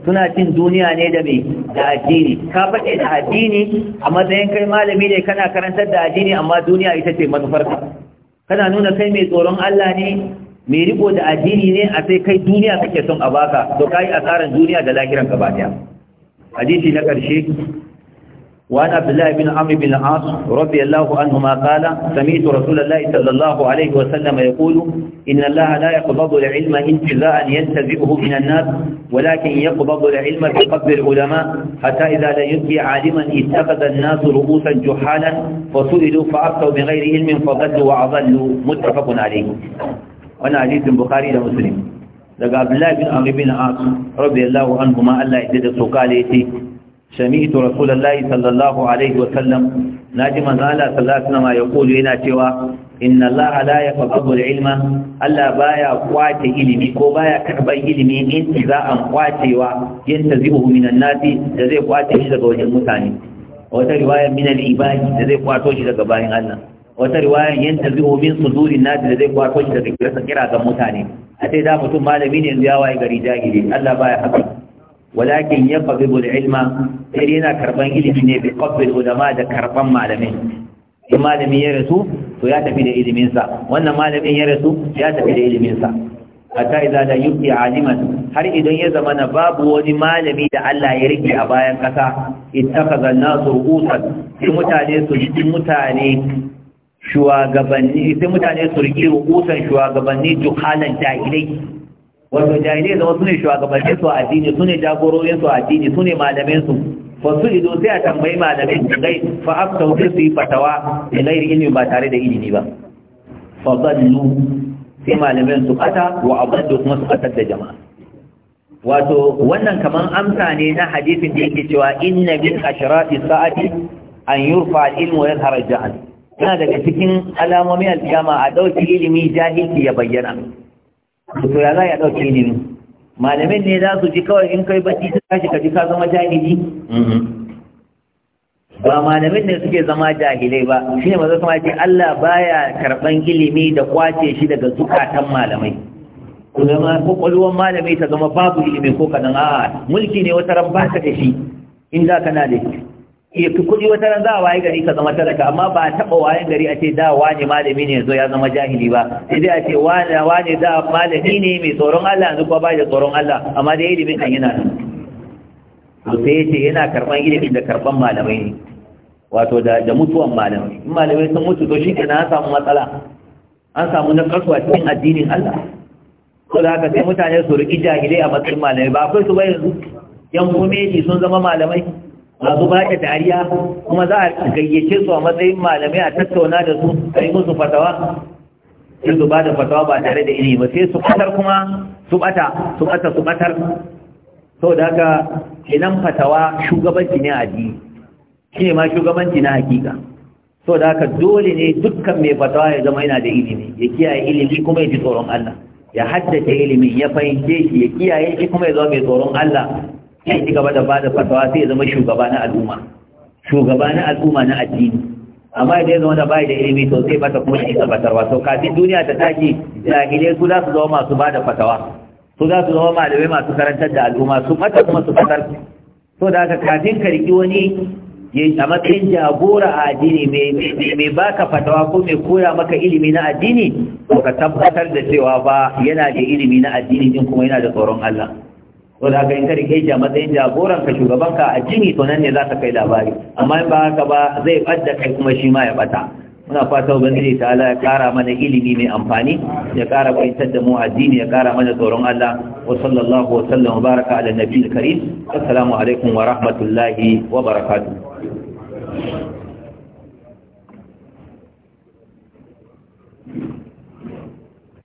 suna cin duniya ne da mai da addini ka faɗi da addini a matsayin kai malami ne kana karantar da addini amma duniya ita ce manufarka kana nuna kai mai tsoron Allah ne mai riko da addini ne a sai kai duniya kake son a baka to kai asaran duniya da lahiran ba ta hadisi na karshe. وعن عبد الله بن عمرو بن العاص رضي الله عنهما قال سمعت رسول الله صلى الله عليه وسلم يقول إن الله لا يقبض العلم انتزاء ينتزعه من الناس ولكن يقبض العلم بقبض العلماء حتى إذا لا يبقي عالما اتخذ الناس رؤوسا جحالا فسئلوا فأفتوا بغير علم فضلوا وأضلوا متفق عليه وأنا عزيز البخاري ومسلم لقى عبد الله بن عمرو بن العاص رضي الله عنهما الله يجزيه قال سمعت رسول الله صلى الله عليه وسلم ناجما قال صلى da عليه allah يقول ان الله لا يفقد العلم الا بايا قوات علم كو بايا كرب علم ان اذا ان قواتوا ينتزعه nati da zai kwace shi daga wajen mutane wata riwaya min al ibad da zai kwato shi daga bayan Allah wata riwaya ينتزعه su صدور nati da zai kwato shi daga kira ga mutane a sai da mutum malami ne yanzu ya waye gari jahili Allah baya haɗu. walakin ya qabibul ilma sai yana karban ilimi ne bi qabbil ulama da karban malamai in malami ya rasu to ya tafi da ilimin sa wannan malamin ya rasu ya tafi da ilimin sa aliman har idan ya zama na babu wani malami da Allah ya rike a bayan kasa ittakhadha an-nasu ru'usan mutane su mutane shugabanni sai mutane su rike ru'usan shugabanni juhalan jahilai wato jahiliya zama su ne shugabannin su a addini su ne jagororin su a addini su ne malamin su fa su ido sai a tambayi malamin su gai fa afta sai su yi fatawa da gairi ilimin ba tare da ilimi ba fa zallu sai malamin su kata wa abaddu kuma su katar da jama'a wato wannan kamar amsa ne na hadisin da yake cewa inna min ashrati sa'ati an yurfa al-ilmu wa yadhhar al-jahl yana daga cikin alamomin al a ɗauki ilimi jahilci ya bayyana da ya za ya ɗauke malamin ne za su ji kawai in kai bacci ta tashi ka ji ka zama jahili mhm. ba malamin ne suke zama jahilai ba shi ne mazaka mace Allah baya karɓan ilimi da kwace shi daga zukatan malamai ku zama kwakwalwar malami ta zama babu ilimi ko kadan a'a mulki ne wata ran ba da shi in za ka na da shi ya fi kuɗi wata ran za a waye gari ka zama talaka amma ba a taɓa wayen gari a ce da wane malami ne yanzu ya zama jahili ba sai dai a ce wane wane da malami ne mai tsoron Allah yanzu kuma ba da tsoron Allah amma dai ilimin kan yana nan to sai ya ce yana karban ilimin da karban malamai ne wato da da mutuwan malamai in malamai sun mutu to shi kenan an samu matsala an samu na a cikin addinin Allah ko da haka sai mutane su riƙi jahilai a matsayin malamai ba akwai su ba yanzu yan komedi sun zama malamai masu ba da dariya kuma za a gayyace su a matsayin malamai a tattauna da su a yi musu fatawa sai su ba da fatawa ba tare da ilimi ba sai su batar kuma su bata su bata su batar sau da haka kenan fatawa shugabanci ne a ji? shi ne ma shugabanci na hakika sau da haka dole ne dukkan mai fatawa ya zama yana da ilimi ya kiyaye ilimi kuma ya ji tsoron Allah ya haddace ilimi ya fahimce shi ya kiyaye shi kuma ya zama mai tsoron Allah ya ci gaba da bada fatawa sai ya zama shugaba na al'umma shugaba na al'umma na addini amma idan ya zama da bai da ilimi to sai bata kuma shi tabbatarwa to kafin duniya ta tashi jahilai su za su zama masu bada fatawa su za su zama malamai masu karantar da al'umma su mata kuma su fatar to da haka kafin ka riki wani a matsayin jagora a addini mai baka fatawa ko mai koya maka ilimi na addini to ka tabbatar da cewa ba yana da ilimi na addini din kuma yana da tsoron Allah ko da kai ta rike a matsayin jagoranka, ka shugaban ka a jini to nan ne za ka kai labari amma in ba haka ba zai badda kai kuma shi ma ya ɓata, muna fata ubangiji ta Allah ya kara mana ilimi mai amfani ya kara fahimtar da mu addini ya kara mana tsoron Allah wa sallallahu wa sallam wa baraka ala nabiyil karim assalamu alaikum wa rahmatullahi wa barakatuh